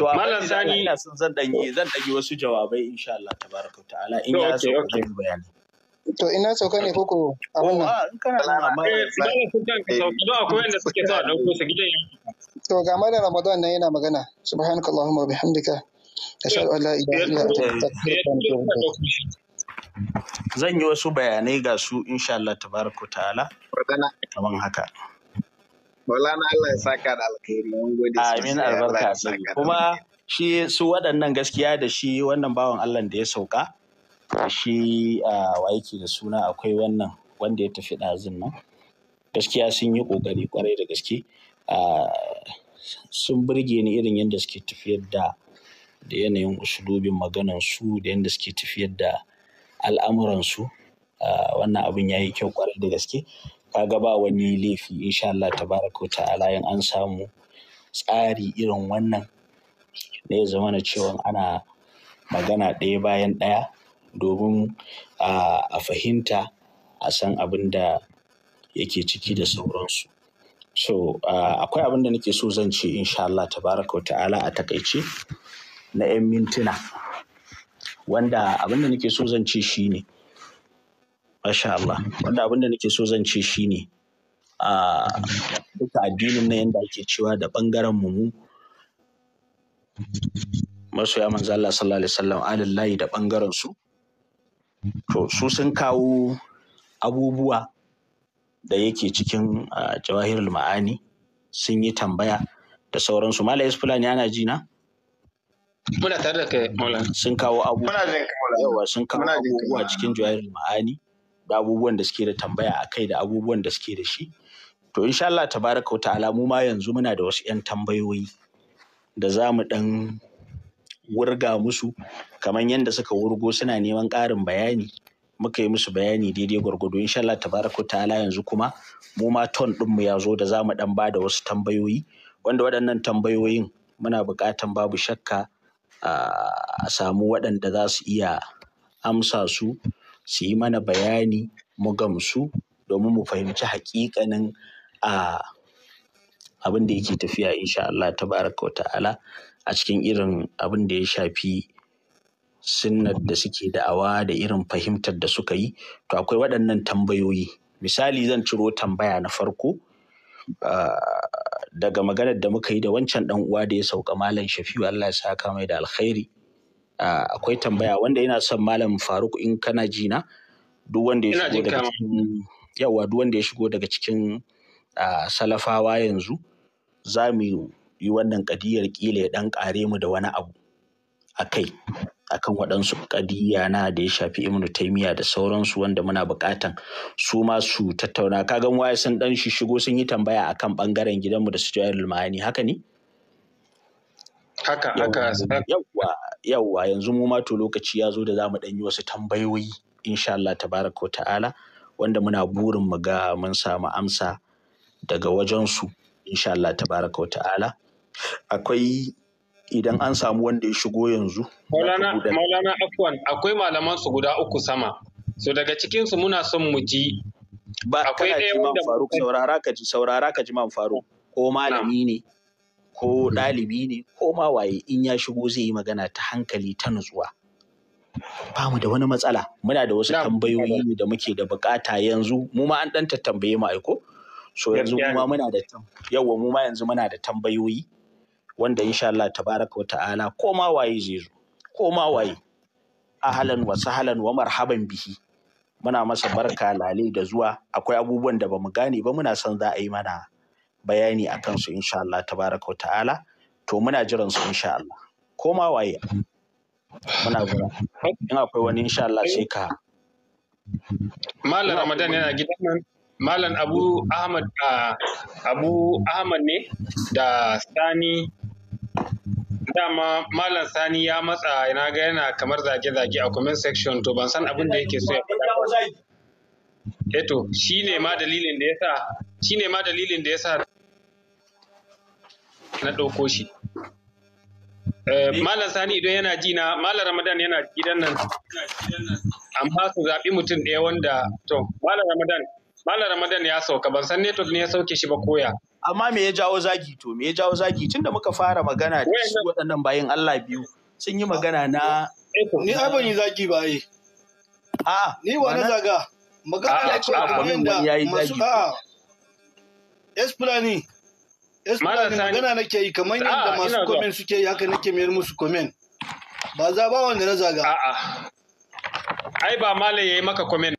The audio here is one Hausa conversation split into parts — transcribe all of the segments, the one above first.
To a Malam Sani ina son zan dangi zan dangi wasu jawabai insha Allah tabaraka ta'ala in ya so okay. bayani. To ina sauka ne koko a wannan. in kana da amma eh ina kan ka sauka don akwai wanda suke sa dauko su gidan To ga malam Ramadan nan yana magana subhanakallahumma wa bihamdika ashhadu an la ilaha illa anta astaghfiruka wa zan yi wasu bayanai ga su insha Allah tabaraka ta'ala kamar haka Maulana Allah ya saka da alkhairi mun gode Amin albarka kuma shi su waɗannan gaskiya da shi wannan bawan Allah da ya sauka shi wa yake da suna akwai wannan wanda ya tafi ɗazin nan gaskiya sun yi ƙoƙari ƙwarai da gaske sun burge ni irin yadda suke tafiyar da da yanayin usulubin maganan su da yadda suke tafiyar da al'amuransu wannan abin ya yi kyau ƙwarai da gaske Ka ga ba wani laifi insha Allah tabaraka ta'ala in an samu tsari irin wannan ne ya zama na cewa ana magana ɗaya bayan ɗaya domin a fahimta a san abin da yake ciki da sauransu. So akwai abin da nake so zan ce insha Allah tabaraka ta'ala a takaice na 'yan mintuna wanda abin da nake so zan ce shine Masha Allah. Wanda abin da nake so zan ce shi ne, duka addinin na yadda ake cewa da ɓangaren mu masoya manzo Allah sallallahu alaihi wasallam alillahi da ɓangaren su. To su sun kawo abubuwa da yake cikin jawahirul ma'ani sun yi tambaya da sauransu. Mala Fulani ana ji na? Muna tare da kai Mala. Sun kawo abubuwa. sun kawo abubuwa cikin jawahirul ma'ani. da abubuwan da suke da tambaya a kai da abubuwan da suke da shi. To insha Allah tabaraka wa ta'ala mu ma yanzu muna da wasu 'yan tambayoyi da za mu ɗan wurga musu kamar yadda suka wurgo suna neman ƙarin bayani muka yi musu bayani daidai gwargwado insha Allah tabaraka wa ta'ala yanzu kuma mu ma ton ɗinmu ya zo da za mu ɗan ba da wasu tambayoyi wanda waɗannan tambayoyin muna buƙatan babu shakka ah, a samu waɗanda za su iya amsa su su yi mana bayani mu gamsu domin mu fahimci haƙiƙanin a abin da yake tafiya insha Allah baraka wa ta'ala a cikin irin abin da ya shafi sunnar da suke da'awa da irin fahimtar da suka yi to akwai waɗannan tambayoyi misali zan ciro tambaya na farko daga maganar da muka yi da wancan ɗan uwa da ya sauka malam shafi'u Allah ya saka mai da alkhairi akwai tambaya wanda yana son malam faruk in kana ji na duk wanda ya shigo daga cikin yawa duk ya shigo daga cikin salafawa yanzu za mu yi wannan kadiyar kila ya dan kare mu da wani abu a kai akan waɗansu kadiyya na da ya shafi ibnu taimiya da sauransu wanda muna buƙatan su ma su tattauna kagan waye sun dan shi shigo sun yi tambaya akan bangaren gidanmu da su jawar haka ne Haka, haka. Yawwa, yawwa yanzu mu ma to lokaci ya zo da za mu ɗan yi wasu tambayoyi insha Allah tabaraka ta'ala wanda muna burin mu ga mun samu amsa daga wajensu insha Allah tabaraka ta'ala. Akwai idan an samu wanda ya shigo yanzu. Maulana, Maulana Afwan, akwai malaman su guda uku sama. So daga cikinsu muna son mu ji. Ba, akwai ɗaya wanda Faruk saurara ka ji, saurara ka ji man Faruk ko malami ne. ko ɗalibi ne ko ma waye in ya shigo zai yi magana ta hankali ta nutsuwa. Ba mu da wani matsala muna da wasu tambayoyi ne da muke da bukata yanzu mu ma an ɗan tattambaye mu aiko. So yanzu mu ma muna da yawa mu ma yanzu muna da tambayoyi wanda insha Allah tabaraka wa ta'ala ko ma waye zai zo ko ma waye. Ahalan wa sahalan wa marhaban bihi. muna masa barka lale da zuwa akwai abubuwan da bamu gane ba muna son za a yi mana bayani a kansu insha Allah tabaraka wa ta'ala to muna jiran su insha Allah ko ma waye muna jira in akwai wani insha Allah sai ka Malam Ramadan yana gidan nan Malam Abu Ahmad Abu Ahmad ne da Sani dama Malam Sani ya matsa na ga yana kamar zage-zage a comment section to ban san abin da yake so ya faɗa eto eh shine ma dalilin da shi ne ma dalilin da sa na ɗauko shi eh, Malam Sani idan yana ji na Malam Ramadan yana gidan nan amma su zaɓi mutum ɗaya wanda to Malam Ramadan Malam Ramadan ya sauka ban san network ne ya sauke shi ba koya amma me ya jawo zagi to me ya jawo zagi Tun da muka fara magana da su waɗannan bayan Allah biyu sun yi magana na eh ni ai ban yi zagi ba yi. a ah, ni wa na zaga magana ce abin da masu a esplani esplani magana nake yi kamar yadda masu komen suke yi haka nake mayar musu komen ba za ba wanda na zaga ai ba malam yayi maka komen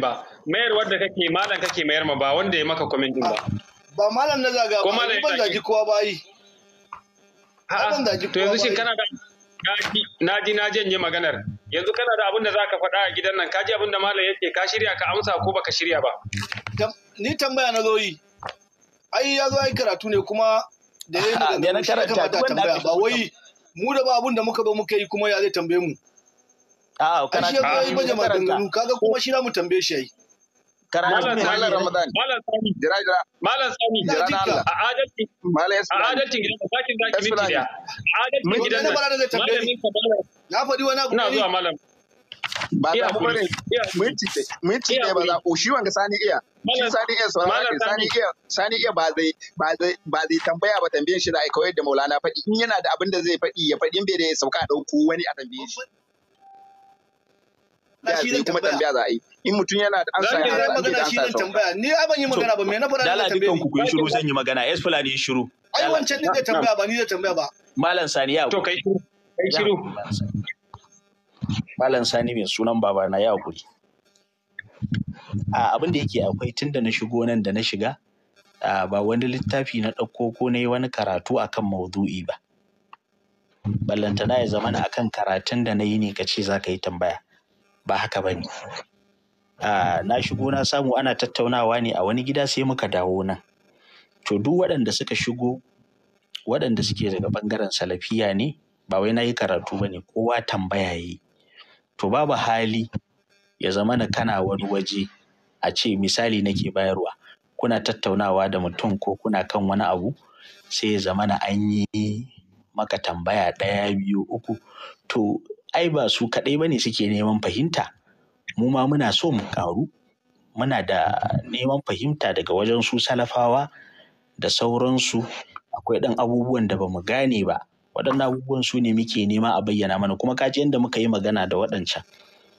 ba mayar wadda kake malam kake mayar ma ba wanda ya maka komen din ba ah, ba malam na zaga ba ban zagi kowa ba yi to yanzu shi kana da na ji na janye maganar yanzu kana da abin da za ka faɗa a gidan nan kaji abin da malam yake ka shirya ka amsa ko baka shirya ba ni tambaya na zoyi ai ya zo ai karatu ne kuma da yayin da na karanta ta tambaya ba wai mu da ba abin da muka zo muka yi kuma ya zai tambaye mu a'a kana shi ya zo ai baje maganganu kaga kuma shi za mu tambaye shi ai Malam Sani, Malam Sani, a jira, gidan malam. malam. ba shi wanga Sani iya. Sani iya Sani iya ba zai tambaya ba tambayen shi da ai da Maulana faɗi in yana da abin da zai faɗi ya faɗi in bai da ya sauka ɗauko wani a tambaye shi. na shi zan tambaya tambaya za a yi in mutum yana da ansa ya ansa magana shi zan tambaya ni ban yi magana ba me na fara da tambaye ku yi shiru zan yi magana yes fulani yi shiru ai wancan ne zai tambaya ba ni zai tambaya ba malam sani ya to kai shiru malam sani mai sunan baba na ya hakuri a abin da yake akwai tun da na shigo nan da na shiga ba wani littafi na ɗauko ko na yi wani karatu akan maudu'i ba ballantana ya zamana akan karatun da na yi ne ka ce za ka yi tambaya ba haka ba ne na shigo na samu ana tattaunawa ne a wani gida sai muka dawo nan to duk waɗanda suka shigo waɗanda suke daga ɓangaren salafiya ne ba wai na yi karatu ba ne kowa tambaya yi to babu hali ya zama na kana wani waje a ce misali nake bayarwa kuna tattaunawa da mutum ko kuna kan wani abu sai ya zama na an yi maka tambaya ɗaya biyu uku to ai ba su kaɗai ba ne suke neman fahimta mu ma muna so mu ƙaru muna da neman fahimta daga wajen su salafawa da sauransu akwai ɗan abubuwan da ba mu gane ba waɗannan abubuwan su ne muke nema a bayyana mana kuma kaji yadda muka yi magana da waɗancan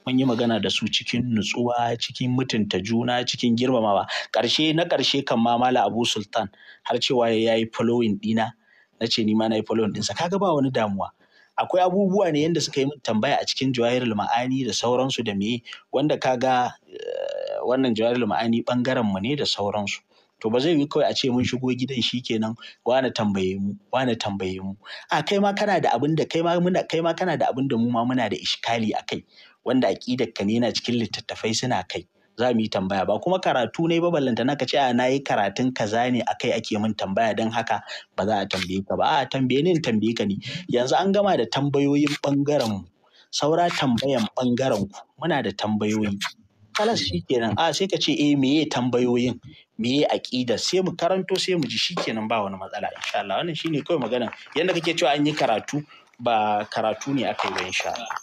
mun yi magana da su cikin nutsuwa cikin mutunta juna cikin girmamawa ƙarshe na ƙarshe kan ma mala abu sultan har cewa ya yi following ɗina na ce ni ma na yi following ɗinsa kaga ba wani damuwa akwai abubuwa ne yadda suka yi tambaya a cikin jawahirul ma'ani da sauransu da me wanda ka ga eh, wannan jawahirul ma'ani bangaren mu ne da sauransu to ba zai yi kawai a ce mun shigo gidan shi kenan wane tambaye mu wane tambaye mu a kai ma kana da abin da kai ma muna kai ma kana da abin da mu ma muna da iskali a kai wanda aqidar ka ne na cikin littattafai suna kai za mu yi tambaya ba kuma karatu ne ba ballanta na ka ce a na yi karatun kaza ne a kai ake min tambaya don haka ba za a tambaye ka ba a tambaye ni tambaye ka ne yanzu an gama da tambayoyin bangaren mu saura tambayan bangaren ku muna da tambayoyi kalas shikenan a sai ka ce eh meye tambayoyin meye aƙida sai mu karanto sai mu ji shikenan ba wani matsala insha Allah wannan shine kawai magana yanda kake cewa an yi karatu ba karatu ne aka yi ba insha Allah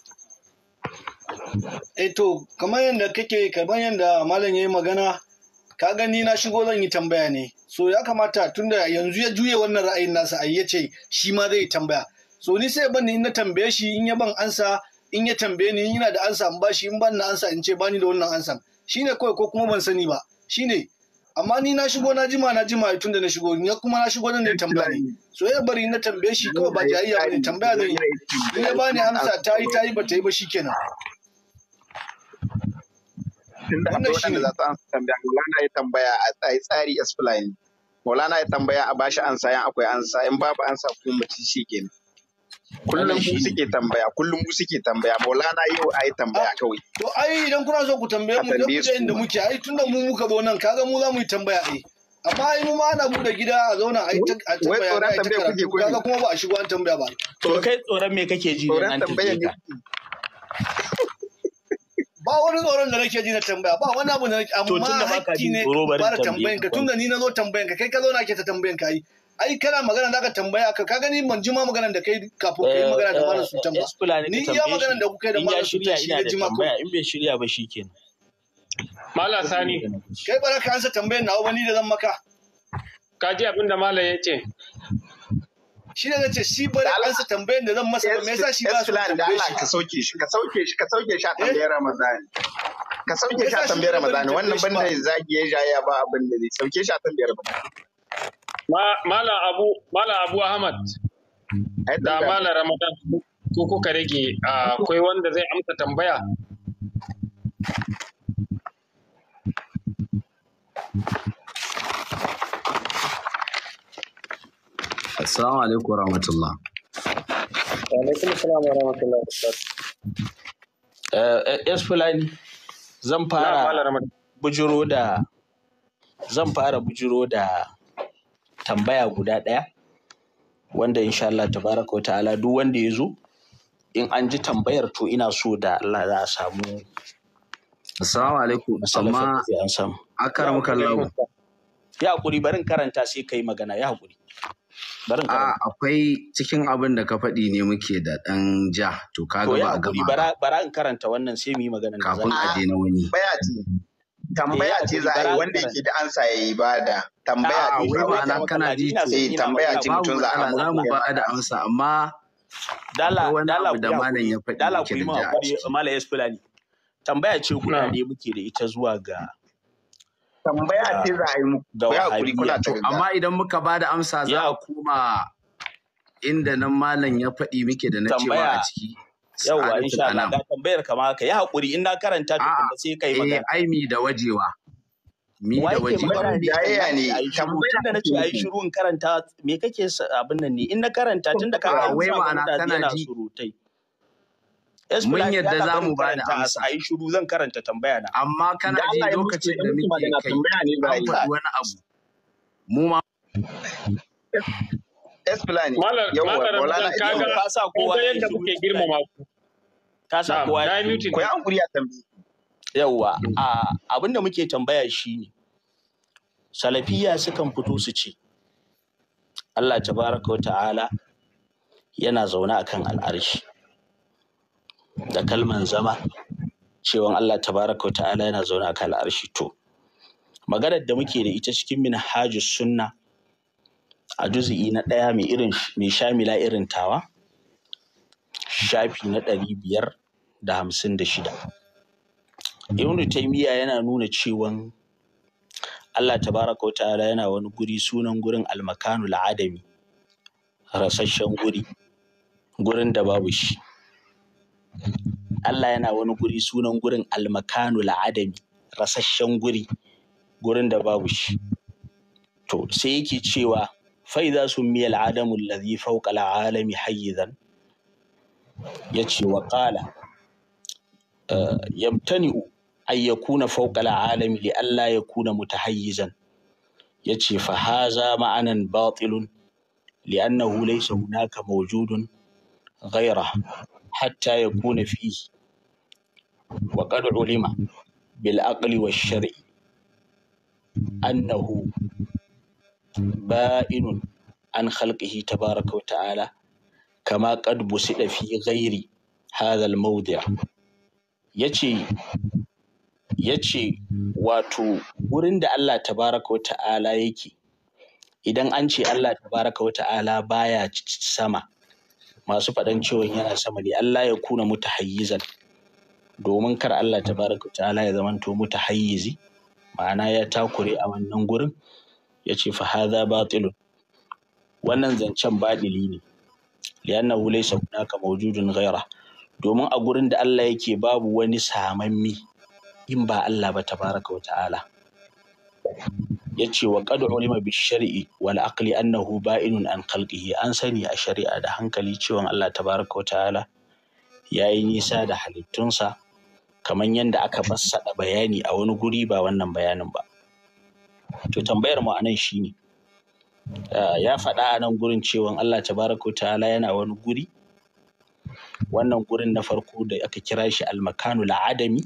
Eto eh kamar yadda kake kamar yadda malam ya yi magana ka gani na shigo zan yi tambaya ne so ya kamata tunda yanzu ya juye wannan ra'ayin nasa a ya ce shi ma zai tambaya so ni sai ban in na tambaye shi in ya ban ansa in ya tambaye ni ina da ansa in ba shi in ban na ansa in ce bani da wannan Shi shine kawai ko kuma ban sani ba shine amma ni na shigo na jima na jima tunda na shigo ni kuma na shigo nan da tambaya ne so ya bari na tambaye shi kawai ba jayayya ne tambaya zan yi in ya bani ansa, ta yi ta yi ba ta yi ba shikenan tunda da waɗanda za su tambaya Maulana ya tambaya a tsari explain Maulana ya tambaya a bashi ansa yan akwai ansa in babu ansa ko mutum shi ke kullum mu suke tambaya kullum mu suke tambaya maulana yau a ai tambaya ah, kawai to ai idan kuna so ku tambaye mu idan kuke inda muke ai da mu muka bo nan kaga mu za mu yi tambaya ai amma ai mu ma ana bude gida a zauna a yi tambaya wai tambaya kuke kuke kaga kuma ba a shigo an tambaya ba to kai tsoron me kake ji tsoron tambaya ne ba wani tsoron da nake ji na tambaya ba wani abu da nake amma haƙƙi ne ba tambayan ka tunda ni na zo tambayan ka kai ka zo na ke ta tambayan ka ai ai kana magana da ka tambaya ka ka gani ban jima maganar da kai kafin kai eh, magana da eh, malam sultan ba eh, ni iya maganar da kuka da malam sultan shi ne jima ko in bai shirya ba shikenan malam sani kai baraka ansa tambayar nawa ba ni da zan maka ka ji abin da malam ya ce shi ne zai ce shi ba da alansa tambayar da zan masa ba me yasa shi ba su tambaye shi ka sauke shi ka sauke shi ka sauke shi a tambayar eh? Ramadan ka sauke shi a tambayar Ramadan wannan banda zagi ya jaya ba abin da zai sauke shi a tambayar Ramadan Mala Abu Malam Abu Ahmad da Mala Ramadan ko kuka rage akwai wanda zai amsa tambaya Thank you. Assalamu alaikum rahmatullah. Wa alaikum assalam warahmatullah. Eh, eh, Fulani zan fara bujuro da zan fara bujuro da tambaya guda ɗaya wanda insha Allah tabaraka wa ta'ala duk wanda ya zo in an ji tambayar to ina so da Allah za a samu Assalamu alaikum amma akaram kallahu ya hakuri barin karanta sai kai magana ya hakuri barin a akwai cikin abin da ka faɗi ne muke da ɗan ja to ka ga ba a gama bara bara in karanta wannan sai mu yi magana kafin a je na wani tambaya ce eh, za a yi wanda yake da ansa ya yi bada tambaya ce ba na kana ji sai eh, tambaya ce mutum za a za mu ba da ansa amma dala dala da malam ya faɗi dala ku yi ma malam ya tambaya ce kuna ne muke da ita zuwa ga tambaya ce za a yi muku da wahayi amma idan muka ba da amsa za a koma inda nan malam ya faɗi muke da na cewa a ciki yawwa insha Allah da tambayar kama ka ya hakuri in na karanta tukun sai kai eh, magana eh ai mi da wajewa mi da wajewa jayayya ne tambayar da nace ai shiru in karanta me kake abin nan ne in na karanta tunda ka wai ma'ana kana ji surutai mun yadda za mu ba da amsa a yi shiru zan karanta tambaya na amma kana ji lokacin da muke kai an faɗi wani abu mu ma Esplanade. Yawwa, Maulana Ibrahim ka sa kowa ya yadda kuke girmama ku. Ka sa kowa ya yi Ko ya hankuri a tambaye. Yawwa, abin abinda muke tambaya shine Salafiya sukan fito su ce Allah tabaraka wa ta'ala yana zaune akan al'arshi. da kalman zama cewan Allah tabaraka wa ta'ala yana zaune a kan arshi to maganar da muke da ita cikin minhajus sunna a juzu'i na ɗaya mai irin mai shamila irin tawa shafi na ɗari biyar da hamsin da shida ibnu taymiya yana nuna cewan Allah tabaraka wa ta'ala yana wani guri sunan gurin almakanul adami rasashen guri gurin da babu shi Allah yana wani guri sunan gurin almakanul adami rasasshen guri gurin da babu shi to sai yake cewa fa'iza sun miya al'adamu lazi fauƙa al'alami hayyizan ya ce wa ƙala yabtani'u ya kuna fauƙa al'alami li Allah ya kuna mutahayyizan ya ce fa haza ma'anan batilun li'annahu laysa hunaka mawjudun ghaira hatta ya kuna fihi wa qad bil aqli wa shar'i annahu ba'inu an khalqihi tabaraka wa ta'ala kama qad busida fi ghairi hadha al mawdi' yace yace wato wurin da Allah tabaraka wa ta'ala yake idan an ce Allah tabaraka wa ta'ala baya sama masu faɗan cewa yana sama ne Allah ya kuna mutahayyizan domin kar Allah tabaraka ta'ala ya zamanto hayyizi ma'ana ya takure a wannan gurin ya ce fa hadha batilun wannan zancen baɗili ne li'annahu laysa hunaka mawjudun ghaira domin a gurin da Allah yake babu wani samammi in ba Allah ba tabaraka wa ta'ala Ya ce wa ƙadu ulima bi shar'i wal aqli annahu ba'inun an khalqihi an sani a shari'a da hankali cewa Allah tabaraka wa ta'ala yayi nisa da halittunsa kamar yadda aka fassada bayani a wani guri ba wannan bayanin ba to tambayar mu anan shine ah, ya faɗa a nan gurin cewa Allah tabaraka wa ta'ala yana wani guri wannan gurin na farko da aka kira shi almakanul adami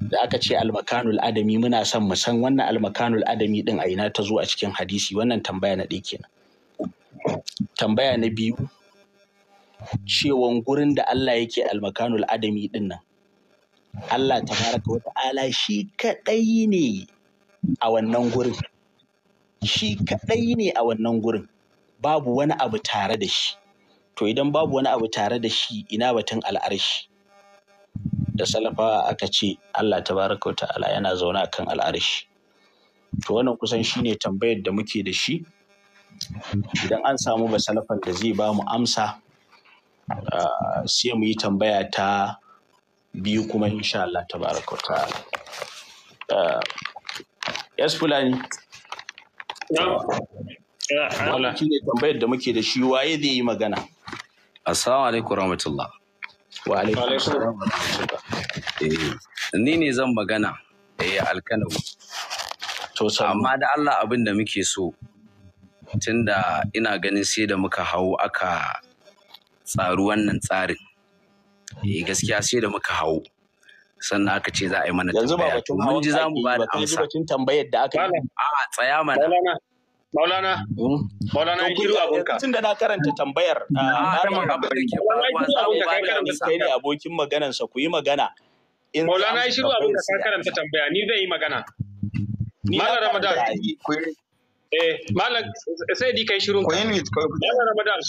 da aka ce almakanul adami muna son mu san wannan almakanul adami din a ina ta zo a cikin hadisi wannan tambaya na ɗaya kenan tambaya na biyu cewan gurin da Allah yake almakanul adami din nan Allah tabaraka wa ta'ala shi kaɗai ne a wannan gurin shi kadai ne a wannan gurin babu wani abu tare da shi to idan babu wani abu tare da shi ina batun al'arshi da salafawa aka ce Allah Ta tabaraka ta'ala yana zaune kan al'arishi to wannan kusan shi ne tambayar da muke da shi idan an samu ba salafan da zai ba mu amsa ah, sai mu yi tambaya ta biyu kuma insha Allah tabaraka ta'ala ah, yes fulani wannan ne tambayar da muke da shi waye zai yi magana assalamu alaikum rahmatullah wa eh, ni ne zan magana ya eh, alkanau to amma da Allah abin da muke so tunda ina ganin sai da muka hau aka tsaru wannan tsarin eh, gaskiya sai da muka hau sannan aka ce za a yi mana tambaya yanzu ba batun mun ji ba da amsa batun tambayar da aka yi a tsaya mana Maulana, Maulana ya shiru abunka. Tun da na karanta tambayar, na ah, abin da ke abokin maganansa ku yi magana. Maulana ya shiru abunka ka karanta tambaya, ni zai yi magana. Malam Ramadan. Eh, Malam sai di kai shirun. Koyin Malam Ramadan.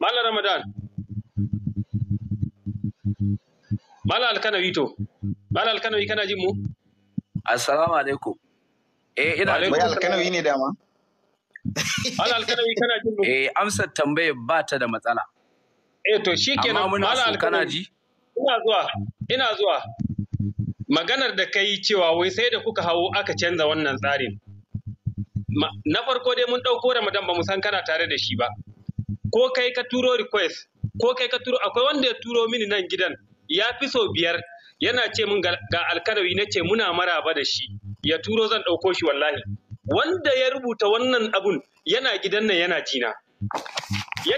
Malam Ramadan. Malam Alkanawi to. Malam Alkanawi kana jin mu? Assalamu alaikum. eh ina ne dama eh amsar ba ta da matsala eh to shikenan mala ina zuwa ina zuwa maganar da kai cewa wai sai da kuka hawo aka canza wannan tsarin na farko dai mun ɗauko ramadan ba mu san kana tare da shi ba ko kai ka turo request ko kai ka turo akwai wanda ya turo mini nan gidan ya fi sau biyar yana ce min ga alkarawi na ce muna maraba da shi ya turo zan ɗauko shi wallahi wanda ya rubuta wannan abun yana gidan nan yana jina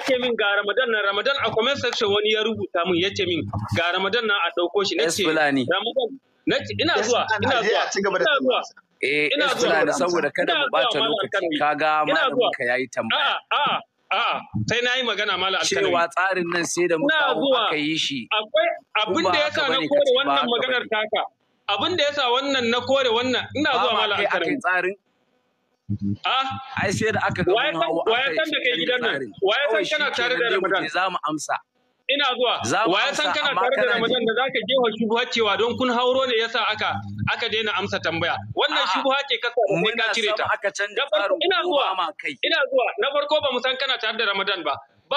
ce min ga Ramadan nan Ramadan a comment section wani ya rubuta min yace min ga Ramadan nan a ɗauko shi nace Ramadan nace ina zuwa ina eh, zuwa ina zuwa eh ina zuwa saboda kada mu bata lokaci kaga malamin ka yayi tambaya a'a A'a, sai na yi magana mala alkalami. Cewa tsarin nan sai da muka aka yi shi. Akwai abin da ya sa na kore wannan maganar taka. abin da yasa wannan na kore wannan ina zuwa mala a kai tsarin ah? ai sai da aka gama hawa san da kai gidan nan waye san kana tare da Ramadan za mu amsa ina zuwa waye san kana tare da Ramadan da zaka jefa shubuha cewa don kun hauro ne yasa aka aka daina amsa tambaya wannan shubuha ce ka sa sai ka cire ta ina zuwa ina zuwa na farko ba mu san kana tare da Ramadan ba ba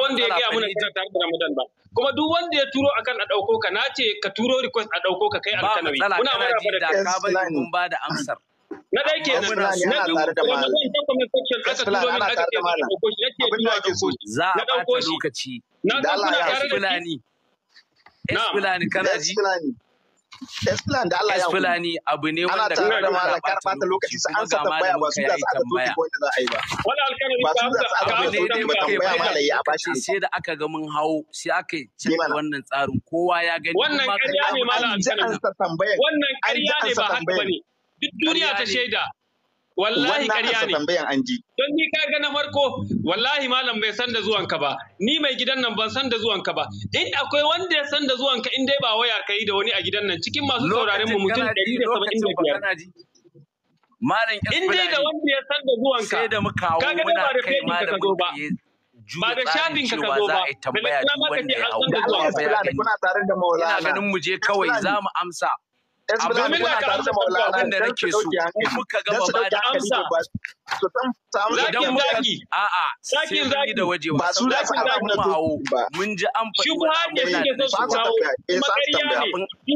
wanda ya gaya mana ita tare da Ramadan ba kuma duk wanda ya turo akan a dauko ka nace ka turo request a dauko ka kai alkanawi kuna mara da ka bari mun ba da amsar na dai ke nan na biyu kuma zan ta comment section aka turo min aka ce mana ko shi yake zuwa dauko shi za a bata lokaci na ga shi. Na da shi Fulani Esplan da abu ne wanda da lokaci an sa tambaya ba su da ko wanda za a yi ba. Wala alkalami ba su da A ne da ba bashi sai da aka ga mun hawo sai aka ce wannan tsarin kowa ya gani wannan ƙarya ne mala alkalami wannan ƙarya ne ba haka bane duk duniya ta shaida wallahi ƙarya ne don ni ga na farko wallahi malam bai san da zuwanka ba ni mai gidan nan ban san da zuwanka ba in akwai wanda ya san da zuwanka in dai ba waya kai da wani a gidan nan cikin masu sauraren mu mutum 175 malam in dai da wanda ya san da zuwanka sai da muka kawo da kai malam ba ba da shafin ka zo ba tambaya duk wanda ya ka kuna tare da maulana ina ganin mu je kawai zamu amsa abin da ka amsa abin da nake so muka ga ba da amsa to tan samu idan muka a a sakin zaki da waje ba su da su da mu mun ji an faɗi shi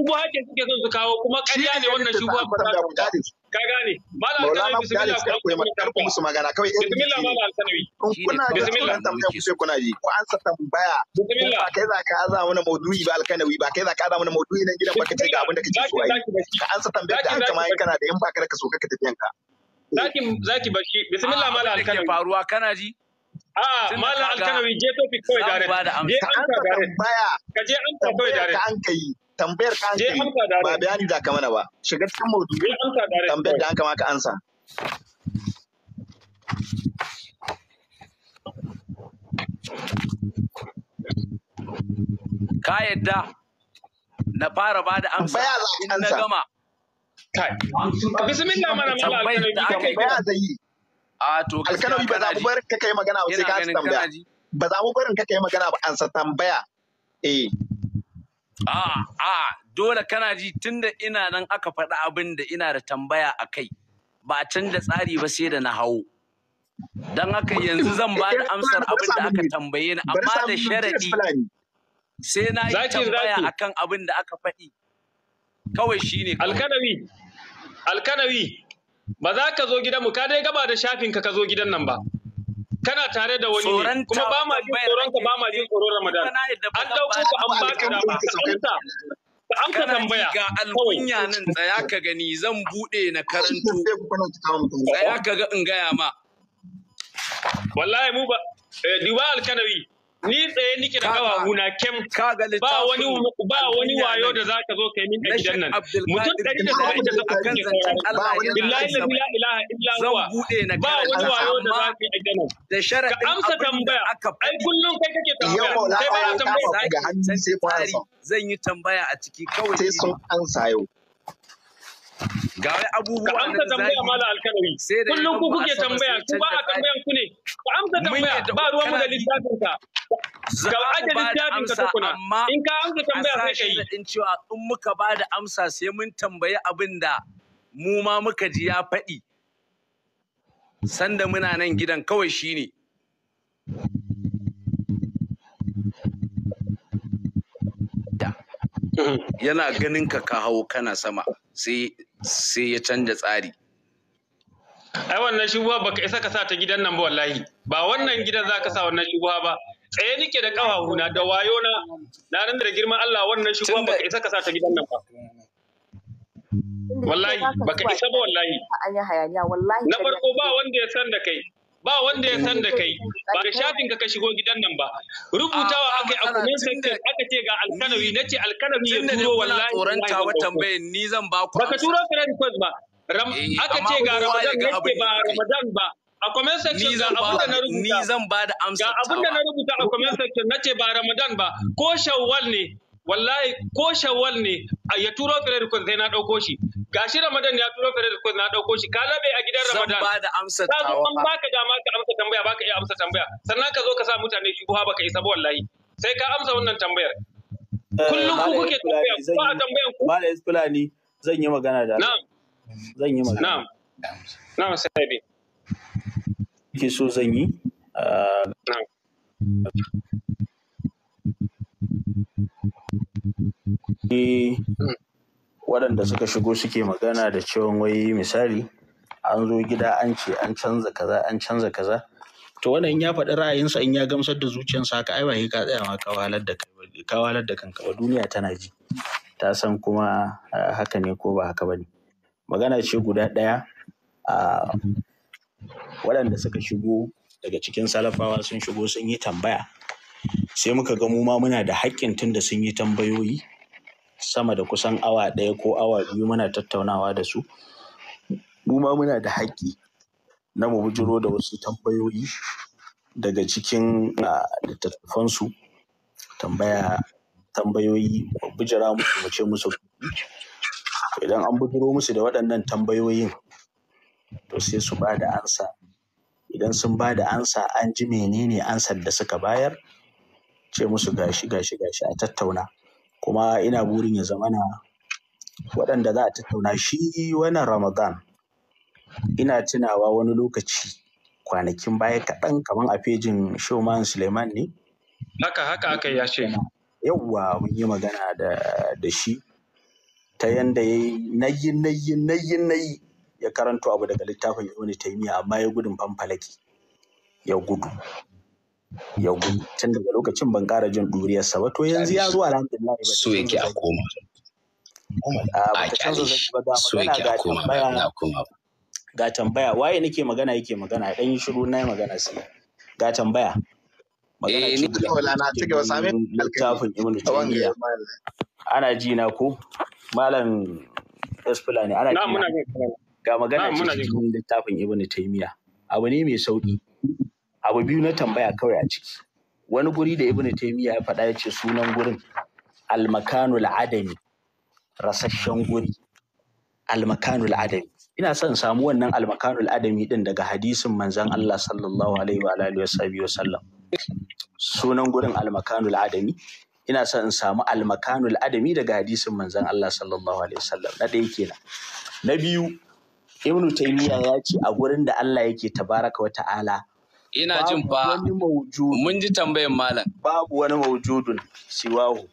ko hake suke son su kawo kuma ƙarya ne shi ko hake suke son su kawo kuma ƙarya ne wannan shi ko ba ka gane malam alkanawi bismillah ku kuma kar ku musu magana kawai eh, bismillah malam alkanawi kuna da bismillah tambaya ku sai kuna ji ku ansa tambaya bismillah kai za ka aza mana maudu'i ba alkanawi ba kai za ka aza mana maudu'i nan gidan baka ce ga abin da kake so ai ka ansa tambaya da haka mai kana da in ba ka so ka tafiyanka zaki zaki bashi bismillah malam alkanawi faruwa kana ji A'a, ah, Malam Alkanawi je topic kawai dare. Je amsa dare. Ka je amsa kawai dare. Ka an kai. Tambayar ka an kai. Ba bayani da ka mana ba. Shiga cikin mutu. Je amsa dare. Tambayar da an ka ansa. Ka yadda na fara ba da amsa. Baya za Na gama. Kai. Bismillah Malam Alkanawi. Tambaya zai yi. A to alkanawi ba za mu barin ka kai magana ba sai ka tambaya. Ba za mu barin ka kai magana ba sa tambaya. Eh. A a dole kana ji tunda ina nan aka faɗi abin da ina da tambaya a kai. Ba a canza tsari ba sai da na hawo. Don haka yanzu zan ba da eh, amsar abin da aka tambaye ni amma da sharaɗi sai na yi tambaya akan abin da aka faɗi. Kawai shine. Alkanawi. Alkanawi. ba za ka zo gidanmu ka dai gaba da shafin ka ka zo gidan nan ba kana tare da wani ne kuma ba ma jin tsoron ka ba ma jin tsoron Ramadan an dauko ka an baka dama ka amsa ka tambaya ga alkunya nan tsaya ka gani zan bude na karanto tsaya ka ga in gaya ma wallahi mu ba eh, diwa alkanawi ni tsaye nike da kawahu na kem ba wani ba wani wayo da zaka zo kai min gidan nan mutum dari da saba'in da saba Allah billahi la ilaha illa huwa ba wani wayo da zaka yi a gidan nan ka amsa tambaya ai kullum kai kake tambaya kai ba tambaya zan yi tambaya a ciki kawai sai sun ansa yau ga wai abubuwa ka amsa tambaya mala alkalari kullum ku kuke tambaya ku ba a tambayan ku ne ka amsa tambaya ba ruwan mu da littafin ka ga aje littafin ka tukuna in ka amsa tambaya sai yi. in cewa in muka ba da amsa sai mun tambayi abin da mu ma muka ji ya faɗi sanda muna nan gidan kawai shine mm-hmm. yana ganin ka ka hau kana sama sai sai ya canza tsari ai wannan ba baka isa ka sa ta gidan nan ba wallahi ba wannan gidan za ka sa wannan shubuwa ba tsaye nike da kafafuna da wayo na na nan da girman Allah wannan ba baka isa ka sa ta gidan nan ba wallahi baka isa ba wallahi wallahi na farko ba wanda ya san da kai ba wanda ya san da kai ba da shafin ka ka shigo gidan nan ba rubutawa aka a kuma sakin aka ce ga alkanawi nace alkanawi ya turo wallahi tsoron ta wa tambayar ni zan ba ku baka turo friend request ba eh, aka ce ga ramadan ne ba ramadan ba a comment section ga abin da na rubuta ni zan ba da amsa ga abun da na rubuta a comment section nace ba ramadan ba ko shawwal ne wallahi ko shawal ne ya turo fere request sai na ɗauko shi gashi ramadan ya turo fere request na ɗauko shi ka labe a gidan ramadan zan bada amsa tawa ba baka dama ka amsa tambaya baka iya amsa tambaya sannan ka zo ka sa mutane shubuha baka isa ba wallahi sai ka amsa wannan tambayar eh, kullum ku kuke tambaya ba a tambayan ku malai fulani zan yi magana da na'am zan yi magana na'am na'am sai bi ke so zan yi ah, na'am waɗanda suka shigo suke magana da cewa wai misali an zo gida an ce an canza kaza an canza kaza to wannan ya faɗi ra'ayinsa in ya gamsar da zuciyarsa haka ai ba ka tsaya ma ka da ka walar da kanka ba duniya tana ji ta san kuma haka ne ko ba haka ba ne magana ce guda ɗaya a waɗanda suka shigo daga cikin salafawa sun shigo sun yi tambaya sai muka ga mu ma muna da haƙƙin tun da sun yi tambayoyi sama da kusan awa ɗaya ko awa biyu muna tattaunawa da su mu ma muna da haƙƙi na mu bujiro da wasu tambayoyi daga cikin littattafansu tambaya tambayoyi bujira musu mu musu idan an bujiro musu da waɗannan tambayoyin to sai su ba da ansa idan sun ba da ansa an ji menene ansar da suka bayar ce musu gashi gashi gashi a tattauna kuma ina burin ya zamana waɗanda za a tattauna shi wannan ramadan ina tunawa wani lokaci kwanakin baya kaɗan kamar a fejin showman suleiman ne haka haka aka ya ce yawwa mun yi magana da shi ta yanda ya yi nayi nayi nayi nayi ya karanto abu daga littafin ibn taymiya amma ya gudun famfalaki ya gudu ya gudu tun daga lokacin ban kara jin ɗuriyarsa ba to yanzu ya zuwa alhamdulillah ba so yake a koma a so yake a koma ba koma ba ga tambaya waye nake magana yake magana dan yi shiru na magana sai ga tambaya eh ni wala na cike wa ibnu taymiya ana ji na ko malam esplani ana ji na ga magana cikin littafin ibnu taymiya abu ne mai sauki abu biyu na tambaya kawai a ciki wani guri da Ibn taymiya ya faɗa ya ce sunan gurin almakanul adami rasashen guri almakanul adami ina son samu wannan almakanul adami din daga hadisin manzon Allah sallallahu alaihi wa alihi wasallam sunan gurin almakanul adami ina son in samu almakanul adami daga hadisin manzon Allah sallallahu alaihi wasallam na ɗaya kenan na biyu Ibn taymiya ya ce a gurin da Allah yake tabaraka wa ta'ala ina jin fa mun ji tambayin malam babu wani maujudun siwahu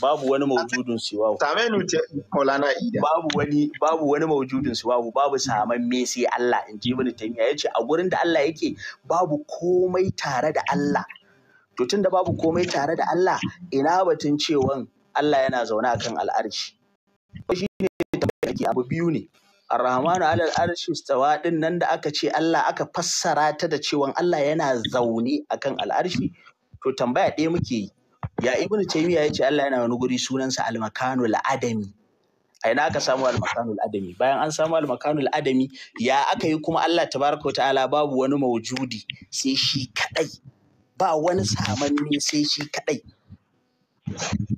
babu wani maujudun siwahu nu ce maulana ida babu wani babu wani maujudun siwahu babu saman me sai Allah in ji bani tanya yace a gurin da Allah yake babu komai tare da Allah to tunda babu komai tare da Allah ina batun cewan Allah yana zaune akan al'arshi shi ne tambayar abu biyu ne Ar-Rahmanu alal arshi istawa din nan da aka ce Allah aka fassara ta da cewa Allah yana zaune akan al'arshi to tambaya ɗaya muke yi ya Ibn Taymiyyah ya ce Allah yana wani guri sunansa al-makanul adami a ina aka samu al-makanul adami bayan an samu al-makanul adami ya aka yi kuma Allah tabaraka wa ta'ala babu wani mawjudi sai shi kadai ba wani samanni sai shi kadai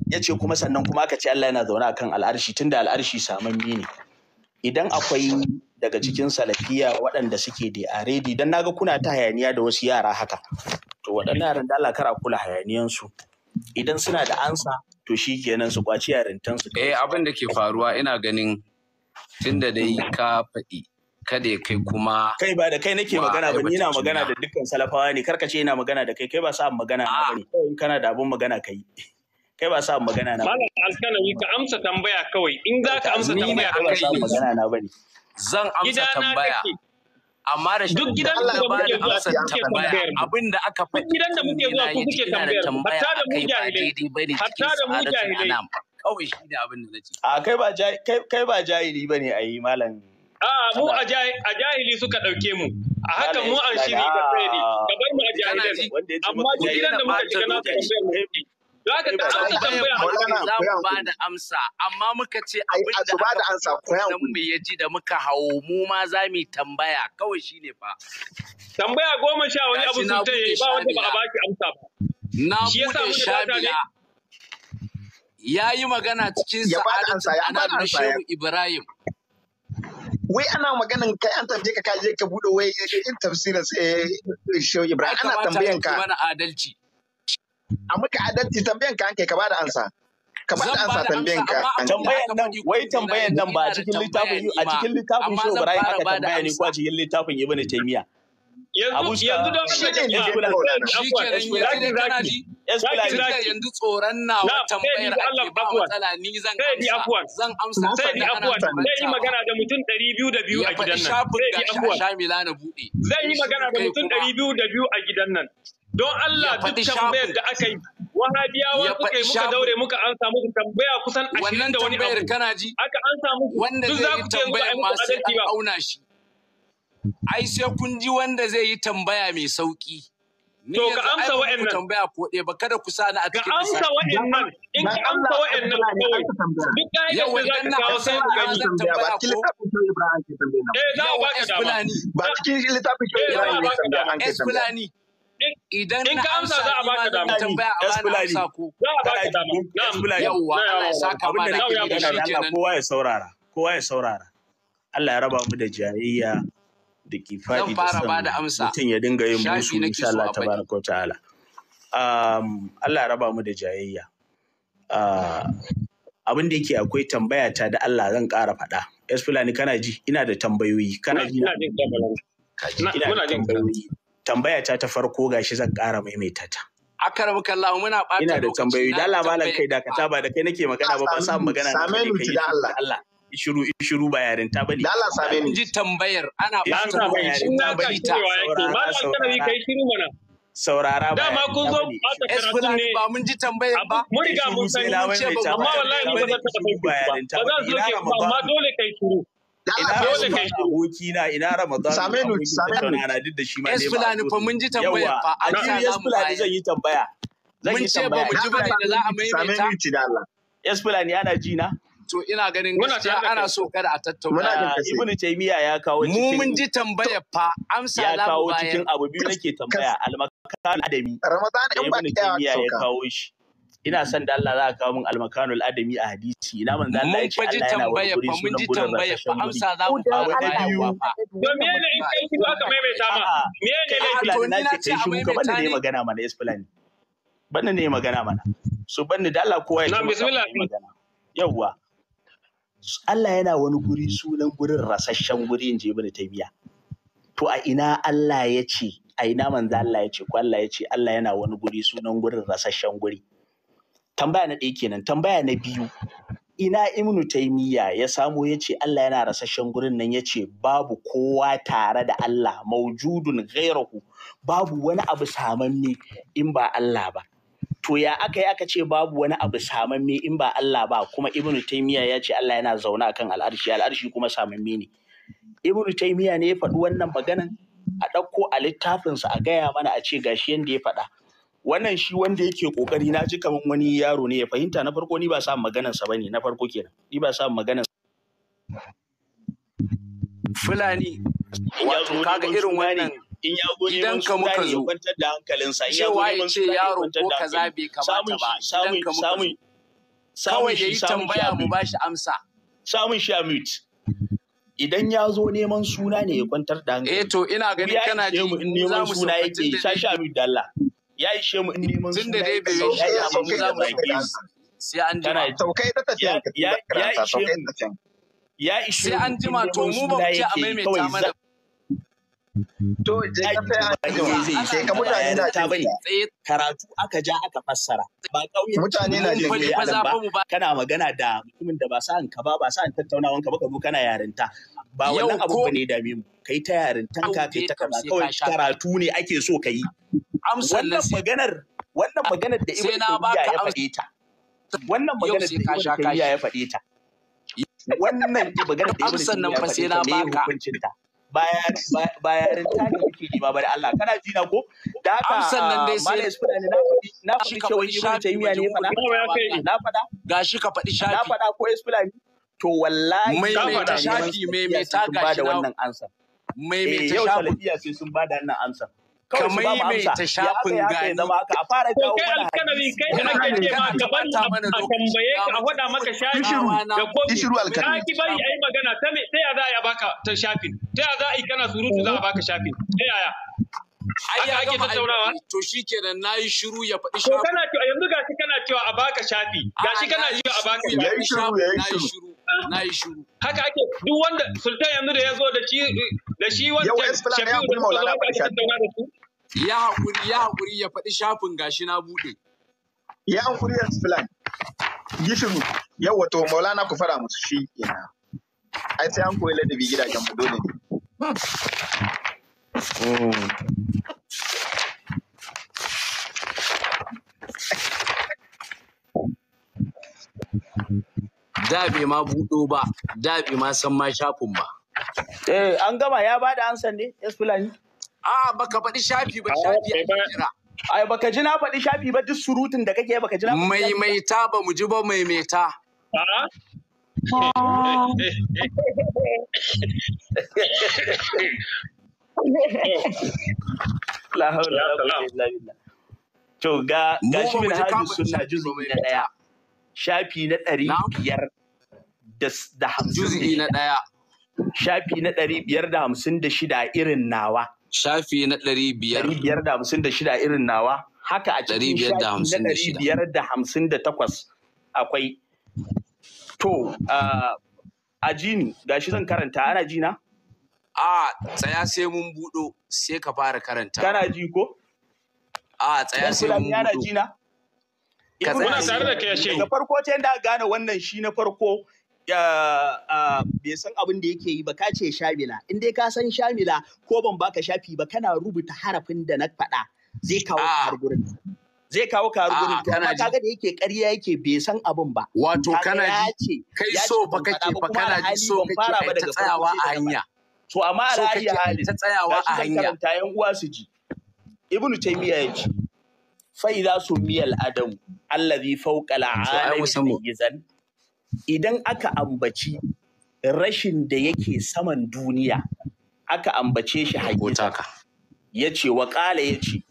ya ce kuma sannan kuma aka ce Allah yana zaune akan al'arshi tunda al'arshi samanni ne idan akwai daga cikin salafiya waɗanda suke da aredi don naga kuna ta hayaniya da wasu yara haka to waɗannan yaran da Allah kara kula hayaniyansu idan suna da ansa to shi kenan su kwaci su eh abin da ke faruwa ina ganin tunda dai ka faɗi kada ya kai kuma kai ba da kai nake magana ba ni na magana da dukkan salafawa ne karkace ina magana da kai kai ba sa magana na ah. ne. kana da abun magana kai kai ba sa magana na ba. alkanawi ka amsa tambaya kawai in za ka amsa tambaya ka ba sa magana na bane zan amsa tambaya amma da shi duk gidan da muke zuwa ku kuke tambaya abin da aka faɗi gidan da muke zuwa ku kuke tambaya hatta da mu jahilai hatta da mu kawai shi ne abin da nace a kai ba kai ba jahili bane ayi malam A mu a jahili suka ɗauke mu. A haka mu an shiri da fayari, bar mu a jahilin. Amma duk gidan da muka shiga na su tambayar mu. Don haka ka amsa tambaya. Za mu ba da amsa, amma muka ce abin da ba da amsa mu ya ji da muka hau mu ma za mu tambaya kawai shi ne fa. Tambaya goma sha wani abu sun ta ba wanda ba a baki amsa ba. Na bude shamila. Ya yi magana cikin sa'adatun ana da Shehu Ibrahim. wai ana maganin kai an tambaye ka ka je ka bude wai eh, eh, in tafsirin sai eh, Shehu Ibrahim ana tambayan ka. Ana adalci. a muka adalci tambayan ka an ka ka bada ansa ka bada ansa tambayan ka tambayan nan wai tambayan nan ba a cikin littafin a cikin littafin ba Ibrahim aka tambaya ne ko a cikin littafin Ibn taymiya yanzu yanzu don yanzu tsoron na wata mayar ake ba matsala ni zan amsa zan amsa sai di zai yi magana da mutum 202 a gidan nan zai yi magana da mutum a gidan nan don Allah duk tambayar da aka yi wahabiyawa kuka yi muka daure muka an samu tambaya kusan 20 da wani abu aka an samu duk za ku ce yanzu a yi muku adalci ba ai sai kun ji wanda zai yi tambaya mai sauki To ka amsa wa'annan. tambaya ko ɗaya ba kada ku sani a cikin Ka amsa wa'annan. In ka amsa wa'annan kawai. Duk kayan da za ka kawo sai ku gani. Ba ko? Eh za a baka dama. Ba cikin littafin Shehu Ibrahim ne tambaya an ke tambaya. Idan na amsa za a baka dama. Tambaya a bana amsa ko. Za a baka dama. Na'am. Yawwa Allah ya saka ma da ke da shi kenan. Kowa ya saurara. Kowa ya saurara. Allah ya raba mu da jayayya. da ke faɗi da san mutum ya dinga yin musu insha Allah baraka wa ta'ala Allah raba mu da jayayya abin da yake akwai tambaya ta da Allah zan ƙara faɗa yas fulani kana ji ina da tambayoyi kana ji ina da tambayoyi tambaya ta ta farko gashi zan ƙara maimaita ta akaram kallahu muna ɓata lokaci ina da tambayoyi da Allah malam kai da ka ba da kai nake magana ba ba sa magana da kai da Allah ishiru ba ba ne. Allah same ni. Ji tambayar ana ɓata ba yarinta ba mana. Saurara ba. Dama kun zo ba ta karatu ne. Ba mun ji tambayar ba. Mun riga mun san ce ba amma wallahi ba za ta taɓa ba ba. Ba za su ke ba amma dole kai shiru. Ina Dole ina Ramadan fa mun ji tambayar fa. A ji zan Mun ce ba mu ji ba da za a maimaita. Same ci ana ji na. to ina ganin gaskiya ana so kada a tattauna ibn taymiya ya kawo cikin mu mun ji tambaya fa amsa la ya kawo cikin abu biyu nake tambaya almakanul adami ramadan in ba taymiya ya kawo shi ina son da Allah za ka kawo min almakanul adami a hadisi ina manzo Allah ya ce Allah yana wani guri mun ji tambaya fa amsa za mu kawo da biyu to me ne in kai ki aka maimaita ma me ne ne to ni na ce a maimaita ne magana mana explain banda ne magana mana so banda da Allah kowa ya ce magana yawwa Allah yana wani guri mm-hmm. sunan gurin rasashen guri in je ta biya. to a ina Allah ya ce a ina manzo Allah ya ce ko Allah ya ce Allah yana wani guri sunan gurin rasashen guri tambaya na ɗaya kenan tambaya na biyu ina imnu taimiya ya samo ya ce Allah yana rasashen gurin nan ya ce babu kowa tare da Allah maujudun gairaku, babu wani abu samanne in ba Allah ba to ya aka yi aka ce babu wani abu samamme in ba Allah ba kuma ibnu taymiya ya ce Allah yana zaune akan al'arshi al'arshi kuma samamme ne ibnu taymiya ne ya faɗi wannan maganan a ɗauko a littafinsa a gaya mana a ce gashi yanda ya faɗa wannan shi wanda yake kokari na ji kaman wani yaro ne ya fahimta na farko ni ba sa maganan sa bane na farko kenan ni ba sa maganan fulani wato kaga irin wannan in ya gode ka muka zo kwantar da hankalinsa in ya gode mun ce yaro ko kaza bai kamata ba idan ka zo kawai yayi tambaya mu ba shi amsa samun shi a mute idan ya zo neman suna ne ya kwantar da hankali eh to ina ganin kana ji in neman suna yake sha a mute da Allah ya ishe mu in neman suna tunda dai bai yi shi ba mu za mu sai an jima taukai ta tafiya ya ishe ya ishe sai an jima to mu ba mu ce a maimaita mana To je ka tsaya sai ka mutane na ta bane. Karatu aka ja aka fassara. Ba kauye mutane na jin kai adam ba. Kana magana da mutumin da ba sa'an ka ba ba sa'an tattaunawan ka ba ka zo kana yarinta. Ba wannan abu bane da mu. Kai ta yarintan ka kai ta kaza kawai karatu ne ake so ka yi. Wannan maganar wannan maganar da Ibn Taymiyyah ya faɗe ta. Wannan maganar da Ibn Taymiyyah ya faɗe ta. Wannan maganar da Ibn Taymiyyah ya faɗe ta. Amsan nan fa sai na baka. bayan bayarin ta da muke nema ba Allah kana ji na ko da haka amsan nan dai ah, sai na fadi na faɗi cewa ibnu taymiya ne faɗa na faɗa gashi ka fadi shafi na fada ko fulani to wallahi mai mai ta shafi mai mai eh, ta gashi na wannan ansa mai mai ta shafi sai sun bada wannan ansa ka maimaita shafin gani a fara kawo mana hadisi kai ake ce ma gaban a tambaye ka a faɗa maka shafi da kofi ka ki bari a yi magana ta me ta ya za a baka ta shafin ta ya za a yi kana surutu za a baka shafin ta yaya ai ya ake tattaunawa to shi na yi shiru ya faɗi shafi to kana cewa yanzu gashi kana cewa a baka shafi gashi kana cewa a baka shafi yayi shiru yayi shiru na yi shiru. Haka ake duk wanda sultan yanzu da ya zo da shi da shi wancan shafi'u da suka zo da su. ya haƙuri ya haƙuri ya faɗi shafin gashi na buɗe. Ya haƙuri ya explain. Gishin shiru. Yawwa to Maulana ku fara musu shi kenan. Ai sai an koyi ladabi gidajen mu dole ne. Oh. Da bai ma buɗo ba, da bai ma san ma shafin ba. Eh, an gama ya bada ansan ne, Esfulani? A'a baka faɗi shafi ba shafi a jira. ai baka ji na faɗi shafi ba duk surutun da kake baka ji na maimaita ba mu ji ba maimaita ah. la haula shafi na ɗari biyar da hamsin shafi na ɗari biyar da hamsin da shida irin nawa shafi na ɗari biyar. Ɗari biyar da hamsin da shida irin nawa. Haka a cikin shafi na ɗari biyar da hamsin da takwas akwai. To, a jini, ga shi zan karanta, ana jina? A tsaya sai mun buɗo sai ka fara karanta. Kana ji ko? A tsaya sai mun buɗo. Ka tsaya. Kuna tare da kai farko ta yadda gane wannan shi na farko bai san abin da yake yi ba ka ce shamila in dai ka san shamila ko ban baka shafi ba kana rubuta harafin da na faɗa zai kawo har gurin ah. zai kawo karu ah, gurin to amma kaga da yake ƙarya yake bai san abin ba wato kana ji kai so ba kake ba kana ji so kake ba ta tsayawa a hanya to amma a rayi hali ta tsayawa a hanya karanta yan uwa su ji ibnu taymiya ya ji fa idza sumiyal adam allazi fawqa al alam yizan idan aka ambaci rashin da yake saman duniya aka ambace shi hakika ya ce wa ƙala ya ce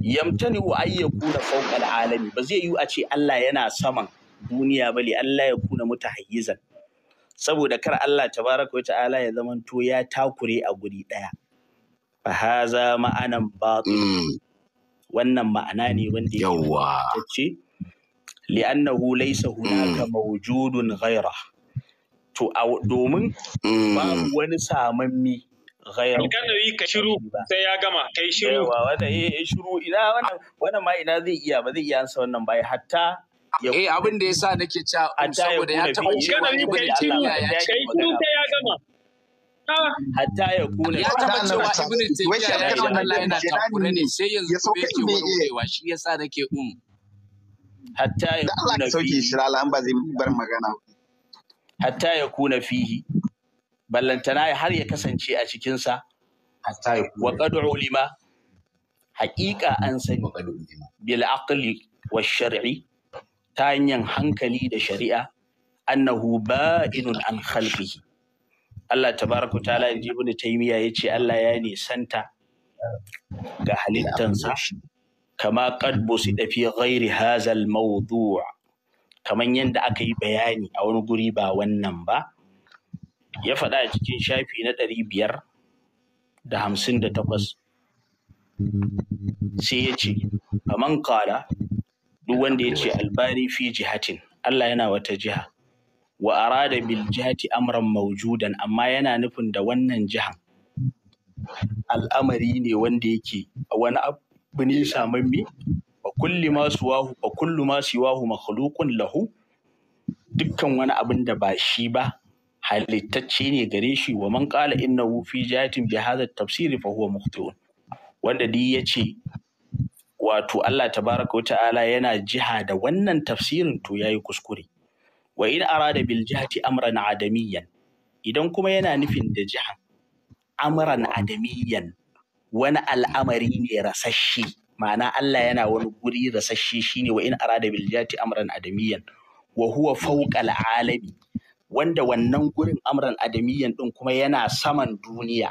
yamtani wa kuna fauƙar alami ba zai yi a ce Allah yana saman duniya bale Allah ya kuna mutahayyizan saboda kar Allah Ta wata ta'ala ya zamanto ya takure a guri ɗaya. fa haza ma'anan batil mm. wannan ma'ana ne wanda yake ce li'annahu laysa hunaka mm. mawjudun ghaira to domin mm. babu wani samammi ghaira alƙalari ka shiru sai ya gama kai shiru yawa wanda eh, eh shiru ina wannan wannan ma ina zai iya ba zai iya ansa wannan bai eh, hatta eh abin da yasa nake cewa saboda ya taɓa cewa ibn taymiya ya ce ya gama hatta ya kuna ya taba cewa ibn taymiya ya ce Allah yana takura ne sai yanzu ya ke warwarewa shi yasa nake um hatta ya kuna fihi shi an ba zai bar magana hatta ya kuna fihi ballantana har ya kasance a cikinsa hatta ya wa qad ulima Haƙiƙa an sani bil aqli wa shar'i ta hanyar hankali da shari'a annahu ba'inun an khalqihi Allah tabaraka ta'ala ibn ya yace Allah ya nisanta ga halittansa kama qad busida fi ghairi hadha al-mawdu' kaman yadda aka yi bayani a wani guri ba wannan ba ya faɗa a cikin shafi na ɗari biyar da hamsin da takwas sai ya ce kaman kala duk wanda ya ce albari fi jihatin Allah yana wata jiha wa arada bil jihati amran maujudan amma yana nufin da wannan jihan al'amari ne wanda yake wani abu abu ne samammi wa kulli ma suwahu wa kullu ma makhluqun lahu dukkan wani abin da ba shi ba halittacce ne gare shi wa man qala innahu fi jatin bi hadha tafsiri fa huwa mukhtiun wanda di yace wato Allah tabaraka ta'ala yana jiha da wannan tafsirin to yayi kuskure wa in arada bil jihati amran adamiyan idan kuma yana nufin da jiha amran adamiyan wani al'amari ne rasasshe ma'ana Allah yana wani guri rasasshe shine wa in arada bil jati amran adamiyan wa huwa fawqa alami wanda wannan gurin amran adamiyan din kuma yana saman duniya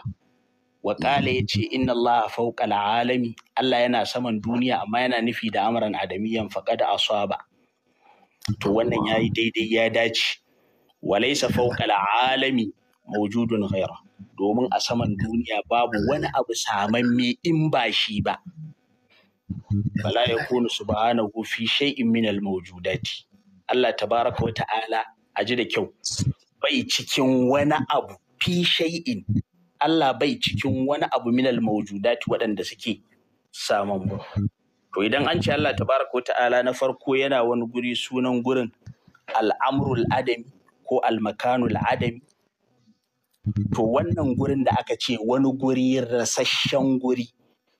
wa qala yace inna Allah fawqa alami Allah yana saman duniya amma yana nufi da amran adamiyan faqad asaba to wannan yayi daidai ya dace walaysa fawqa alami mawjudun ghaira domin a saman duniya babu wani abu me in ba shi ba bala ya kunu subhanahu fi shay'in min al Allah tabaraka wa ta'ala a ji da kyau bai cikin wani abu fi shay'in Allah bai cikin wani abu min al waɗanda suke saman mu to idan an ce Allah tabaraka wa ta'ala na farko yana wani guri sunan gurin al'amrul adami ko al makanul adami To wannan gurin da aka ce wani guri rasashen guri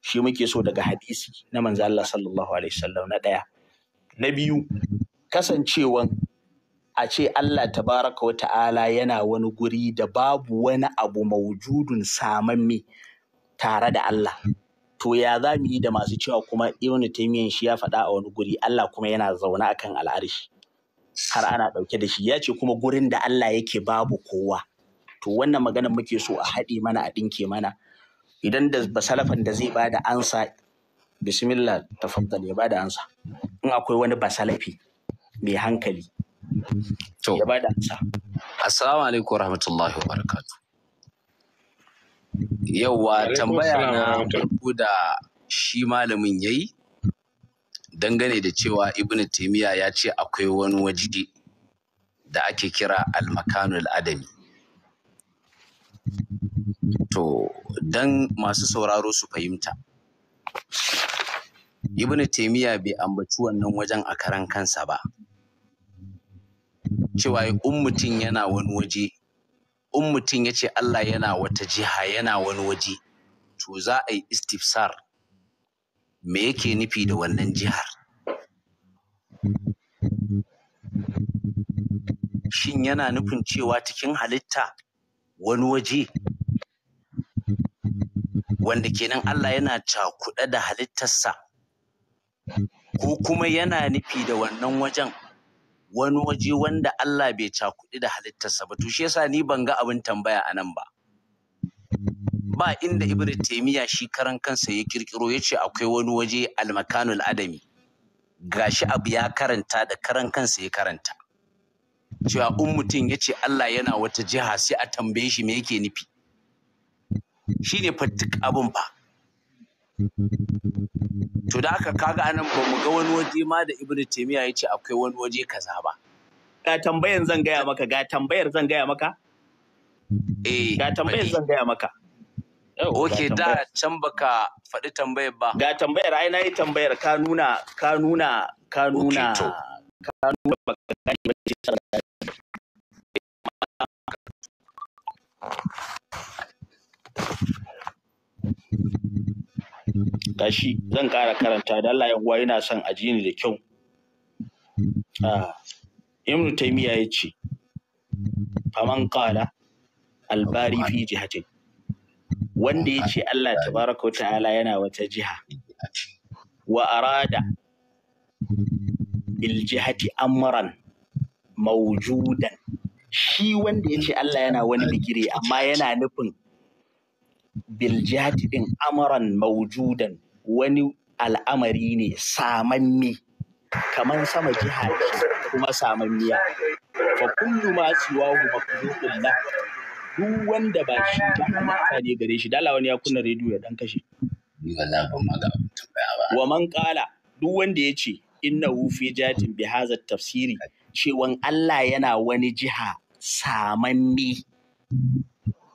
shi muke so daga hadisi na manzo Allah sallallahu alaihi wasallam na ɗaya. Na biyu kasancewan a ce Allah tabaraka wa yana wani guri da babu wani abu maujudun me tare da Allah. To ya za mu yi da masu cewa kuma Ibn Taymiyyah shi ya faɗa a wani guri Allah kuma yana zaune akan al'arshi. Har ana ɗauke da shi ya ce kuma gurin da Allah yake babu kowa. to wannan magana muke so a haɗe mana a ɗinke mana idan da basalafan da zai bada ansa bismillah tafaddal ya bada ansa in akwai wani basalafi mai hankali to ya bada ansa assalamu alaikum warahmatullahi wabarakatuh yawa tambaya na farko da shi malamin yayi dangane da cewa ibn taimiya ya ce akwai wani waje da ake kira al-makanul adami To, don masu sauraro su fahimta. Ibn Taymiya bai ambaci wannan wajen a karan kansa ba. Cewa in mutum yana wani waje, in mutum ya ce Allah yana wata jiha yana wani waje, to za a yi istifsar me yake nufi da wannan jihar. Shin yana nufin cewa cikin halitta wani waje wanda kenan Allah yana cakuɗa da halittarsa ko kuma yana nufi da wannan wajen wani waje wanda Allah bai cakuɗi da halittarsa ba to shi yasa ni ban ga abin tambaya a nan ba ba inda Ibrahim Taymiyyah shi karan kansa ya kirkiro ya ce akwai wani waje almakanul adami shi abu ya karanta da karan kansa ya karanta cewa in mutum ya ce Allah yana wata jiha sai a tambaye shi me yake nufi shi ne fattuk abin ba to da aka kaga anan ba mu ga wani waje ma da ibn taymiya ya ce akwai wani waje kaza ba ga tambayar zan gaya maka ga tambayar zan gaya maka eh ga tambayar zan gaya maka Oke da can baka faɗi tambayar ba. Ga tambayar ai nayi tambayar ka nuna ka nuna ka nuna ka nuna baka gane ba Gashi zan ƙara karanta da Allah uwa yana son a ji ni da kyau. Ah, Ibn Taymiya ya ce, Faman ƙala albari fi jihatin. Wanda ya ce Allah tabaraka wa ta'ala yana wata jiha. Wa arada bil jihati amran mawjudan shi wanda ya ce Allah yana wani bigire amma yana nufin biljati din amaran maujudan wani al'amari ne samanne kamar sama jiha ce kuma samanniya fa kullu ma hu makhluqun la duk wanda ba shi ba halitta ne gare shi dala wani ya kunna rediyo ya dan kashe wa man qala duk wanda ya innahu fi jatin bi hadha tafsiri cewan Allah yana wani jiha samanni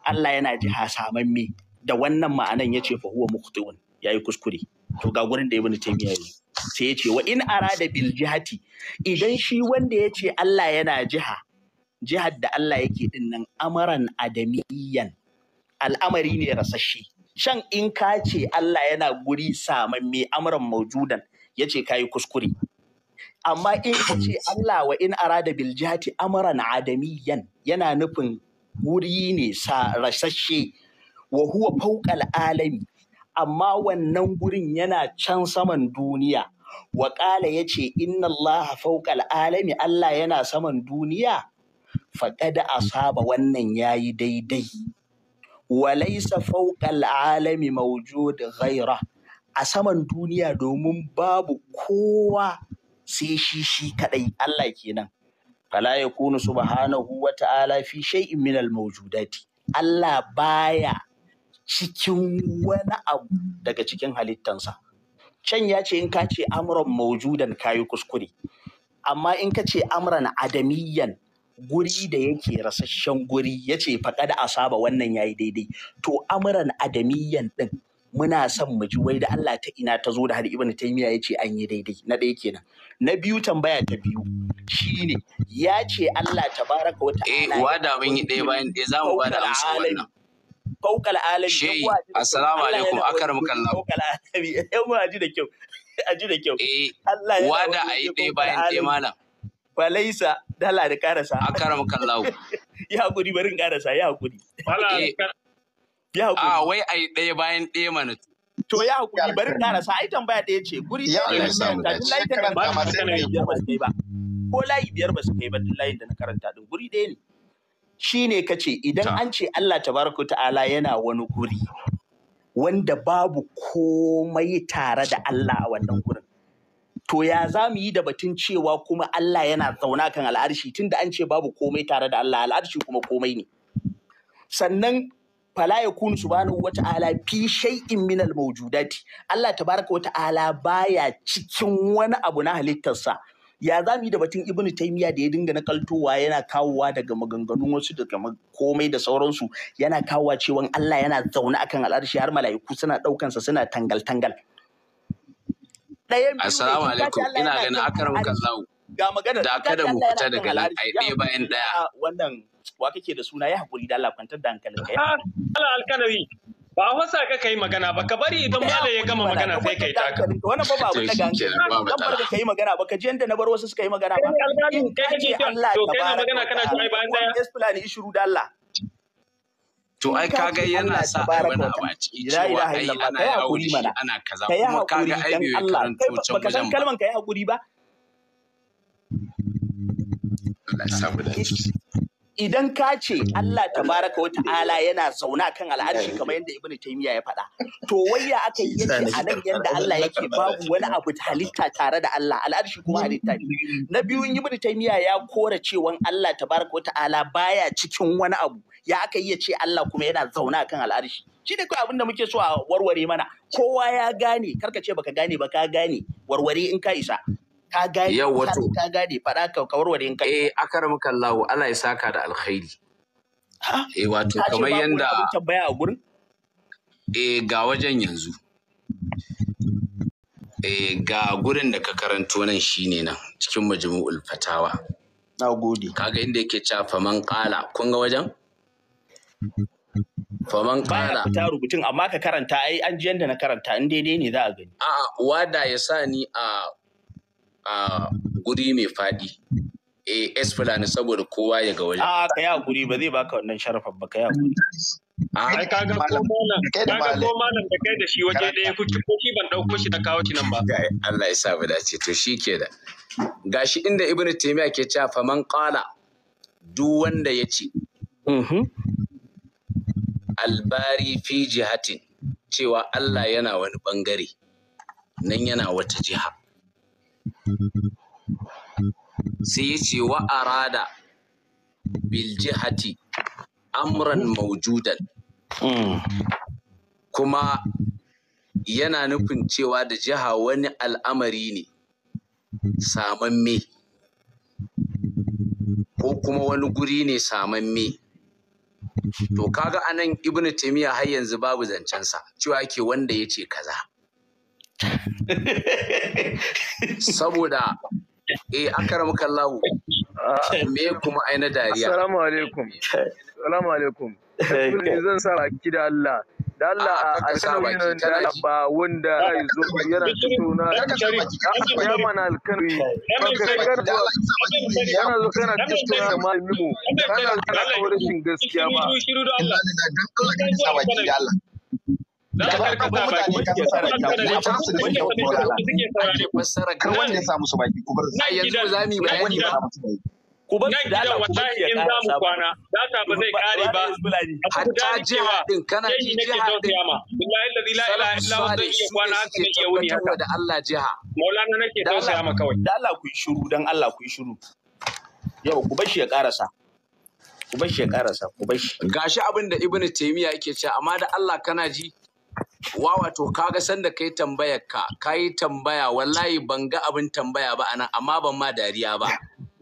Allah yana jiha samamme da wannan ma'anan yace fa huwa muqtiun yayi kuskure to ga gurin da ibn taymiya yayi sai yace wa in arada bil jihati idan shi wanda yace Allah yana jiha jihar da Allah yake din nan amaran adamiyan al'amari ne rasashe shan in ka Allah yana guri samanni amran maujudan yace kayi kuskure amma in ka ce Allah wa in arada biljati amaran adamiyan yana nufin wuri ne sa rasasshe wa huwa fawqal alami amma wannan gurin yana can saman duniya wa ƙala ya ce inna Allah fawqal alami Allah yana saman duniya faƙada asaba wannan yayi daidai walaisa fawqal alami mawjud ghaira a saman duniya domin babu kowa sai shi shi kadai Allah kenan fala su subhanahu wa ta'ala fi shay'in min al Allah baya cikin wani abu daga cikin halittansa can ya ce in ka ce amran maujudan kayi kuskure amma in ka ce amuran adamiyan guri da yake rasasshen guri ya ce faƙa da asaba wannan yayi daidai to amuran adamiyan ɗin muna son mu ji wai da Allah ta ina ta zo da har ibnu taymiya ya ce an yi daidai na ɗaya kenan na biyu tambaya ta biyu shine ya ce Allah tabaraka wa ta'ala eh wa da mun yi ɗaya bayan ɗaya zamu ba da amsa wannan faukal alami shi assalamu alaikum akaramka Allah faukal alami yan aji da kyau ji eh, da kyau eh wa da ayi ɗaya bayan ɗaya malam falaisa dala da karasa akaramka Allah ya hakuri barin karasa ya hakuri eh. ya hakuri ah, a wai ayi ɗaya bayan ɗaya mana To ya hakuri bari rasa, ai tambaya ɗaya ce guri ya karanta duk ta kan karanta layi biyar ba su kai ba. Ko layi biyar ba su kai ba duk layin da na karanta din guri ɗaya ne. Shi ne idan an ce Allah tabaraka ta'ala yana wani guri wanda babu komai tare da Allah a wannan gurin. To ya za mu yi da batun cewa kuma Allah yana zauna kan al'arshi tunda an ce babu komai tare da Allah al'arshi kuma komai ne. Sannan fala yakunu subhanahu wa ta'ala fi shay'in min al mawjudati Allah tabaraka wa ta'ala baya cikin wani abu na halittarsa ya za mu yi da batun ibnu Taymiya da ya dinga na kaltowa yana kawowa daga maganganun wasu daga komai da sauransu yana kawowa cewa Allah yana zaune akan al'arshi har mala'iku suna ɗaukansa suna tangal tangal assalamu alaikum ina ganin akaram kallahu ga magana da kada mu fita daga layi ɗaya bayan ɗaya wannan wa kake da suna ya hakuri da Allah kwantar da hankalin ka Allah alkanari ba a wasa ka kai magana ba ka bari idan malam ya gama magana sai kai taka wannan ba ba wata gangan kan bar ka kai magana ba ka ji yanda na bar wasu suka yi magana ba in ka ji Allah to kai magana kana ji ai bayan daya yes plan ishuru da Allah To ai ka ga yana sa a wani abu a baci? cewa ai ana hakuri mana ana kaza kuma ga ai bai karanto can wajen ba. Baka san kalman ka yi hakuri ba? Allah ya samu dace. idan ka ce mm. Allah tabaraka wa ta'ala yana zauna kan al'arshi mm. kamar yadda Ibn Taymiyyah ya faɗa to wayya aka yi yace a nan yadda Allah yake babu wani abu ta halitta tare da Allah al'arshi kuma halitta ne mm. na biyu Ibn Taymiyyah ya kora cewa Allah tabaraka wa ta'ala baya cikin wani abu ya aka iya ce Allah kuma yana zauna kan al'arshi shi ne kawai abinda muke so a warware mana kowa ya gane karka ce baka gane ba ka gane warware in ka isa ka gane ya wato ka gane faɗa ka kawar wani kai eh akaram kallahu Allah ya saka da alkhairi eh wato kamar yanda tambaya a gurin eh ga wajen yanzu eh ga gurin da ka karanto nan shine nan cikin majmu'ul fatawa na gode kaga inda yake cewa faman qala kun ga wajen faman ƙara. ta rubutun amma ka karanta ai an ji yadda na karanta in daidai ne za a gani a'a wada ya sa ni a a guri mai faɗi es eh, fulani saboda kowa ya ga waje. A ka yi guri ba zai baka wannan sharafan ba ka yi a kai ka ga ko malam da kai da shi waje ɗaya kuke ko shi ban ɗauko shi da kawo nan ba. Allah ya sa mu dace to shi ke da. Gashi inda Ibn Taymiyyah ke cewa man qala duk wanda ya ce. Mhm. Albari fi jihatin cewa Allah yana wani bangare nan yana wata jiha. sai ce wa arada Biljihati, amran maujudan hmm. kuma yana nufin cewa da jiha wani al'amari ne samamme ko kuma wani guri ne samamme to kaga anan ibnu taymiya har yanzu babu zancensa cewa ke wanda ya ce kaza saboda eh akara muka lawo me kuma ai na dariya assalamu alaikum assalamu alaikum zan sa baki da Allah da Allah a alƙalin da ba wanda ai zo yana tattauna ya mana alƙalin yana zo kana tattauna da malamin mu kana zo kana kawo rashin gaskiya ba ya samu su baki ku bar sai yanzu za mu yi bayani ba ku bar nan gidan wallahi in za mu kwana data ba zai kare ba hatta jiha din kana ji jiha din billahi la ilaha illa Allah zai iya kwana haka zai iya wuni haka da Allah jiha maulana nake tausaya ma kawai da Allah ku yi shiru dan Allah ku yi shiru yau ku bar shi ya karasa ku bar shi ya karasa ku bar shi gashi abin da ibnu taymiya yake cewa amma da Allah kana ji wa wato kaga sanda kai tambayar ka kai tambaya wallahi ban ga abin tambaya ba anan amma ban ma dariya ba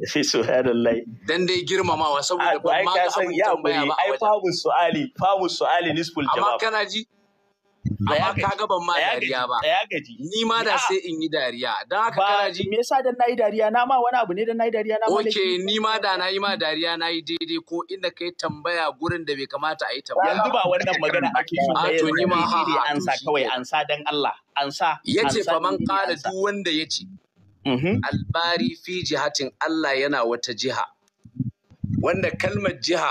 so subhanallah dan dai girmamawa saboda ah, ban ma ga abin tambaya ba ai fahimu su'ali fahimu su'ali nisful jawab amma kana ji Daya ka ga ban ma dariya ba. Daya gaji. Ni ma da sai in yi dariya. Dan haka kana ji. Me yasa dan nayi dariya na ma wani abu ne dan nayi dariya na ma. Okay, ni ma da na yi ma dariya na yi daidai ko inda kai tambaya gurin da bai kamata a yi tambaya. Yanzu ba wannan magana ake yi. A ah, to ni ma ha an sa kawai an sa dan Allah. An sa. Yace fa man kala duk wanda yace. Mm-hmm. Albari fi jihatin Allah yana wata jiha. Wanda kalmar jiha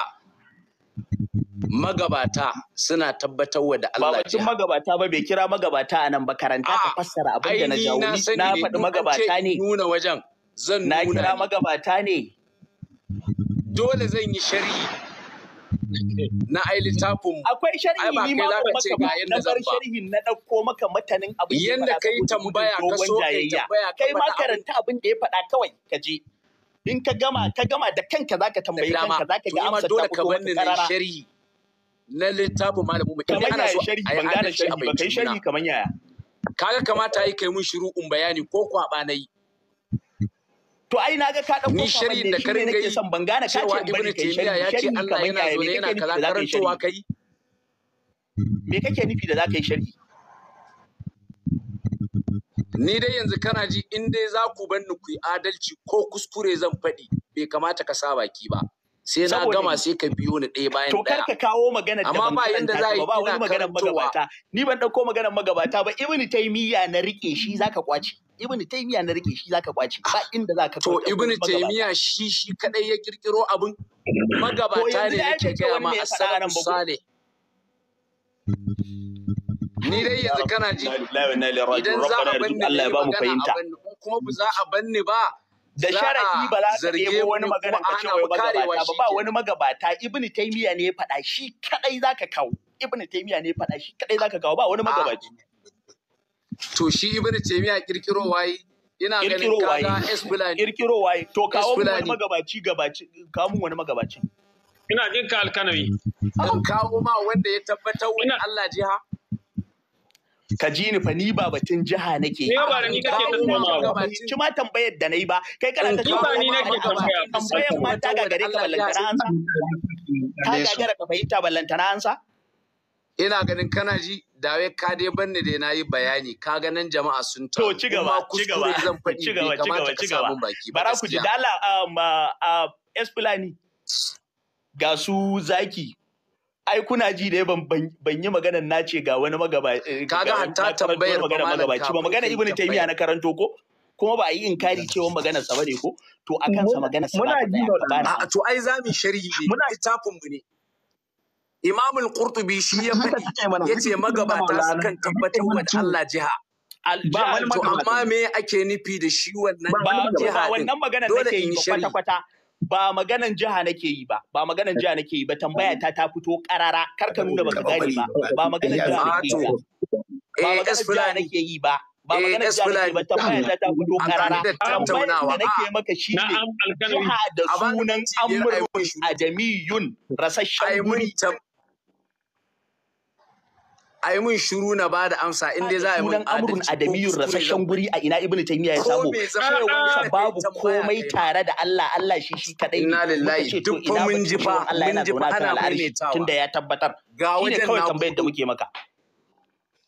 magabata suna tabbatar da Allah ba mutum magabata ba bai kira magabata a nan ba karanta ka fassara abin da na jawo na faɗi magabata ne nuna wajen zan nuna na kira magabata ne dole zan yi shari'i na ai littafin akwai shari'i ni ma ba ce ga yanda zan ba sharhin na dauko maka matanin abin yanda kai tambaya ka so kai tambaya kai ma karanta abin da ya faɗa kawai ka je in ka gama ka gama da kanka zaka tambaye kanka zaka ga amsa ta dole ka banni na sharhi na littafin malamin mu in ana so a yi adalci a bai sharhi kaman yaya kaga kamata yi kai mun shiru in bayani ko kwaba na yi to ai naga ka dauko ni sharhi da karin gai son ban gane ka ce bari kai sharhi ya ce Allah yana so ne yana kaza karantowa kai me kake nufi da zaka yi sharhi ni dai yanzu kana ji in dai za ku banni ku yi adalci ko kuskure zan faɗi bai kamata ka sa baki ba sai na gama sai ka biyo ni ɗaya bayan ɗaya. To kar ka kawo magana da amma ba yanda za yi ba wani maganar magabata ni ban ɗauko maganar magabata ba ibn taymiya na riƙe shi ka ƙwace. ibn taymiya na riƙe shi ka ƙwace ba inda ka to ibn taymiya shi shi kaɗai ya ƙirƙiro abin magabata ne yake gaya ma as-salamu ni dai yanzu kana ji idan za a banne Allah ya ba mu kuma ba za a banne ba da shara'i ba za ka ɗebo wani magana ka ce wai magabata ba ba wani magabata ibnu taymiya ne ya faɗa shi kadai zaka kawo ibnu taymiya ne ya faɗa shi kadai zaka kawo ba wani magabaci to shi ibnu taymiya kirkiro waye ina ganin kaga esbulani kirkiro waye to kawo wani magabaci gabaci kawo wani magabaci ina jin ka alkanawi kawo ma wanda ya tabbatar wani Allah jiha ka ji ni fa ni ba batun jiha nake ni ba ni kake ta tsoma ba ci ma tambayar da nayi ba kai kana eh, ta ba ni nake tambayar ma ta gare ka ballantana ansa ta gare ka fahimta ballantana ansa ina ganin kana ji dawe ka dai banne dai nayi bayani ka ganin jama'a sun ta to ci gaba ci gaba ci gaba ci gaba ci gaba bara ku ji dala um uh, uh, ga su zaki ai kuna ji da ban ban yi maganar na ce ga wani magabaci eh, kaga hatta tambayar magana magabaci ba magana ibnu taymiya na karanto ko kuma ba a yi inkari cewa magana sa bane ko to akan sa magana sa muna ji a to ai zamu sharhi ne muna tafin mu ne Imam al-Qurtubi shi ya faɗi yace magabata sukan tabbatar wa Allah jiha ba to amma me ake nufi da shi wannan jiha ba wannan magana nake yi kwata kwata ba maganan jiha nake yi ba ba maganan jiha nake yi ba tambaya ta ta fito karara kar ka nuna baka gane ba ba maganan jiha nake yi ba ba eh, maganan eh, jiha nake yi ba ba maganan nake yi ba tambaya ta ta fito karara tambayar da nake maka shi ne jiha da sunan a ajamiyun rasashen wuri a yi mun shiru na ba da amsa in dai za a yi mun amrun adamiyun rasashen guri a ina ibnu taymiya ya samu babu komai tare da Allah Allah shi shi kadai inna lillahi duk mun ji fa mun ji fa ana maimaitawa tunda ya tabbatar ga wajen na tambayar da muke maka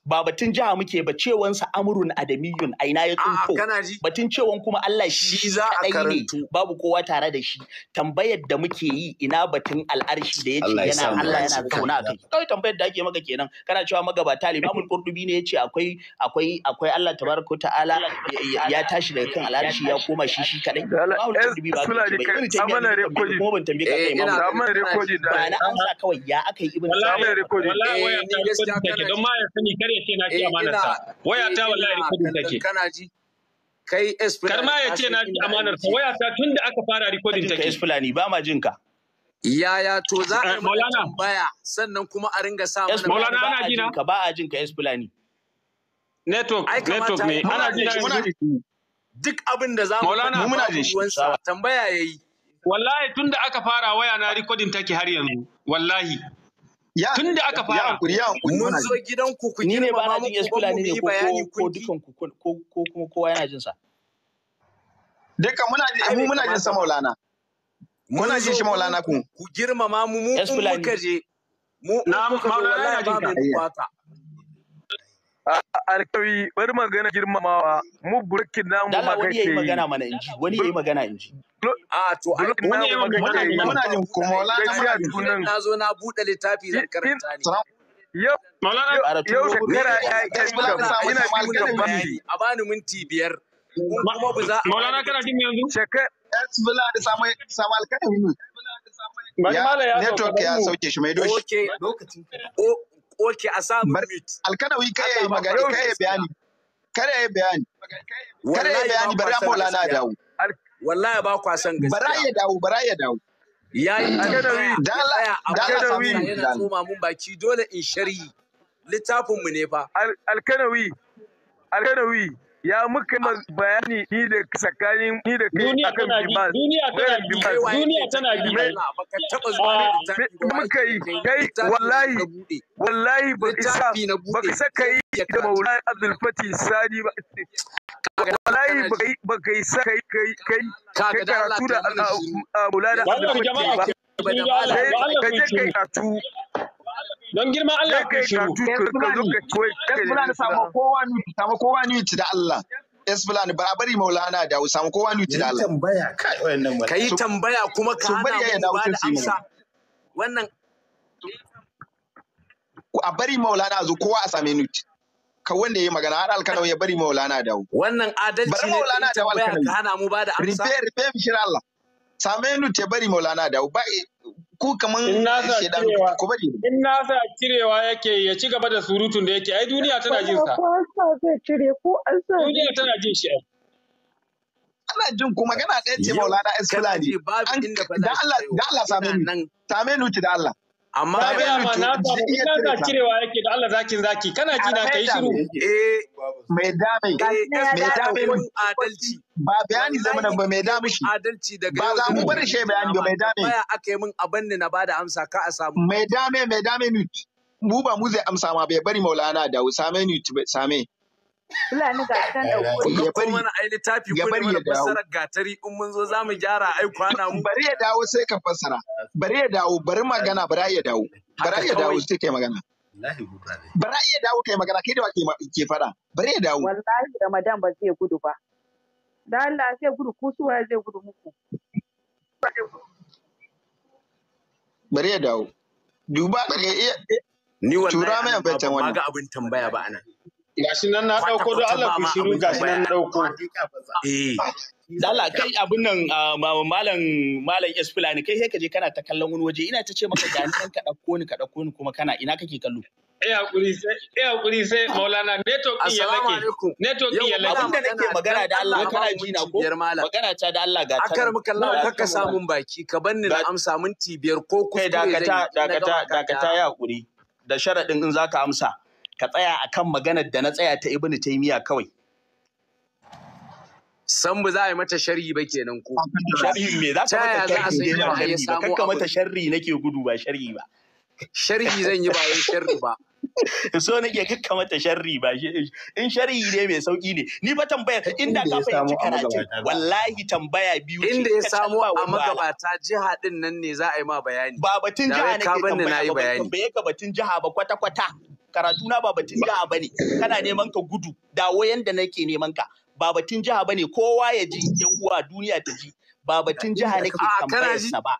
ba batun jiha muke ba cewansa amrun adamiyun a ina ya ah, tsinto batun cewan kuma Allah shi a ne babu kowa tare da shi tambayar da muke yi ina batun al'arshi da yake yana Allah yana zauna a kai kai tambayar da ake maka kenan kana cewa magabata Imamul qurdubi ne yace akwai akwai akwai Allah tabaraka ta'ala ya tashi daga kan al'arshi ya koma shi shi kadai Imamul eh, qurdubi ba kuma ban tambaye ka eh, kai Imamul ba na amsa kawai ya akai ne Wallahi wallahi eh, don ma ya kare ya ce na ji amanar sa waya eh, ta wallahi rikodin take kana ji kai esplani karma ya ce na ji amanar sa waya ta tunda aka fara rikodin take esplani ba ma jinka yaya to za a yi eh, baya sannan kuma a ringa sa mana ba a jina ka ba a jinka esplani network network ne ana jina duk abin da za mu muna jin shi tambaya yayi wallahi tunda aka fara waya na rikodin take har yanzu wallahi tun da aka fara mun zo gidan ku ku ne ba na jin yes fulani ne ko dukan ku ko kuma kowa yana jin sa duka muna jin muna jin sa maulana muna jin shi maulana kun ku girmama mu mu muka je mu na maulana yana jin ka alkawi bari magana girmamawa mu burkin namu ma kai wani yayi magana mana inji wani yayi magana inji a to wani yayi magana muna jin kuma wala ta na zo na bude littafi zan karanta ne yau yau shekara ya yi ina cikin bambi a bani minti biyar kuma ba za a maulana kana jin yanzu shekara bila da samu samal alkalami ne network ya sauke shi mai doshi lokacin oke a samun mute alkanawi kai yi magana kai bayani kai yi bayani kai yi bayani bari a na dawo wallahi ba kwa san gaskiya bara ya dawo bara ya dawo Ya yi alkanawi dala alkanawi yana tsoma mun baki dole in sharhi littafinmu ne fa alkanawi alkanawi ya muka bayani ni da tsakanin ni da kai duniya tana duniya tana bimas taba kai wallahi ba isa ba da abdul sadi ba wallahi ka yi saka yi kai ba ka je kai karatu don girma Allah ka shiru samu kowa kowa nuti da Allah bari Maulana da samu kowa nuti da Allah ka yi tambaya kuma ka hana mu ba da amsa wannan a bari Maulana zo kowa a same nuti ka wanda ya magana har alkanau ya bari Maulana dawo wannan adalci ne Maulana ka hana mu ba da amsa rufe rufe bishir Allah same ya bari Maulana dawo ba ko kaman shedan ku bari in na sa cirewa yake ya ci gaba da surutun da yake ai duniya tana jin sa ko an sa zai cire ko an sa duniya tana jin shi ai ana jin ku magana ɗaya ce maulana esfulani dan Allah dan Allah same ni same ni da Allah amma ka ga ma na samu ina da cirewa yake da Allah zakin zaki kana ji na kai shiru eh mai dame mai dame adalci ba bayani zama da mai dame shi adalci daga ba za mu bar shi bayani ga mai dame baya aka yi min abin na bada amsa ka a samu mai dame mai dame mute mu ba mu zai amsa ma bai bari maulana da same ni same Ya bari ya dawo Bari ya dawo bari magana bari ya dawo. Bari ya dawo sai kai magana. bari ya dawo kai magana kai da wake ke fada. Bari ya dawo. Wallahi Ramadan ba zai gudu ba. Da Allah sai gudu ku suwa zai gudu muku. Bari ya dawo. Duba ya iya. Eh, eh, Ni wallahi ba ga abin tambaya ba anan. gashi nan na dauko don Allah ku shiru gashi nan na dauko eh Dala kai abin nan ah, malam malam Esplani kai sai ka je kana ta kallon wani waje ina ta ce maka ga nan ka dauko ni ka dauko ni kuma kana ina kake kallo Eh hakuri sai eh hakuri sai Maulana network ya lake network ya lake abin da nake magana da Allah kana ji na ko magana ta da Allah ga ta akar muka Allah Ka samun baki ka banni na amsa minti biyar ko kuskure dakata dakata dakata ya hakuri da sharadin in zaka amsa ka tsaya a kan maganar da na tsaya ta ibnu taymiya kawai san ba za a yi mata sharri ba kenan ko sharri me za ka mata sharri ne ba sharri ba kakka mata sharri nake gudu ba sharri ba sharri zan yi ba wai sharri ba so nake kakka mata sharri ba in sharri ne mai sauki ne ni ba tambayar inda ka fahimci karatu wallahi tambaya biyu ce inda ya samu a magabata jiha din nan ne za a yi ma bayani ba batun jiha nake tambaya ba batun jiha ba kwata kwata karatu na ba batun jiha bane kana neman ka gudu dawo yanda nake neman ka ba batun jiha bane kowa ya ji yan uwa duniya ta ji ba batun jiha nake ah, tambayarsa ba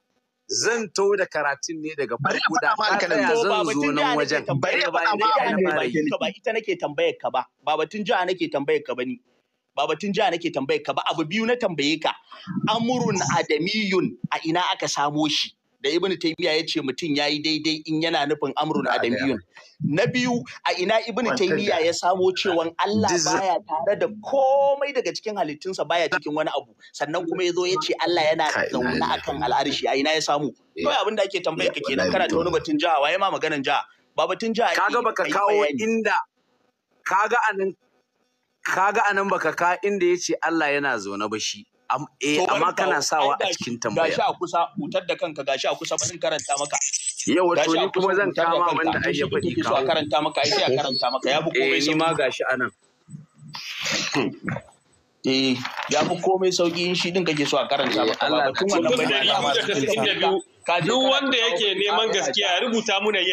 zan to da karatun ne daga farko da hankalin da zan zo nan wajen bari ba ba ita nake tambayar ka ba ba batun jiha nake tambayar ka ba ba batun jiha nake tambayar ka ba abu biyu na tambaye ka amurun adamiyun a ina aka samo shi da Ibn Taymiyyah ya ce mutum ya yi daidai in yana nufin amrun adamiyun. Na biyu a ina Ibn Taymiyyah ya samo cewa Allah baya tare da komai daga cikin halittunsa baya cikin wani abu sannan kuma ya zo ya ce Allah yana zaune akan al'arshi a ina ya samu. to eh. abin da ake tambayar ka kenan kana ta wani batun jaha? waye ma maganan jaha? ba batun jiha kaga baka kawo inda kaga anan kaga anan baka ka inda yace Allah yana zaune ba shi. eh amma kana sawa a cikin tambaya gashi a kusa hutar da kanka gashi a kusa ba zan karanta maka yau wato ni kuma zan kama wanda ai ya faɗi ka so karanta maka ai sai a karanta maka ya fi eh, komai sauki ma gashi anan eh ya fi komai sauki in shi din kake so a karanta eh, maka Allah kuma wannan bai da ka duk wanda yake neman gaskiya rubuta mu ne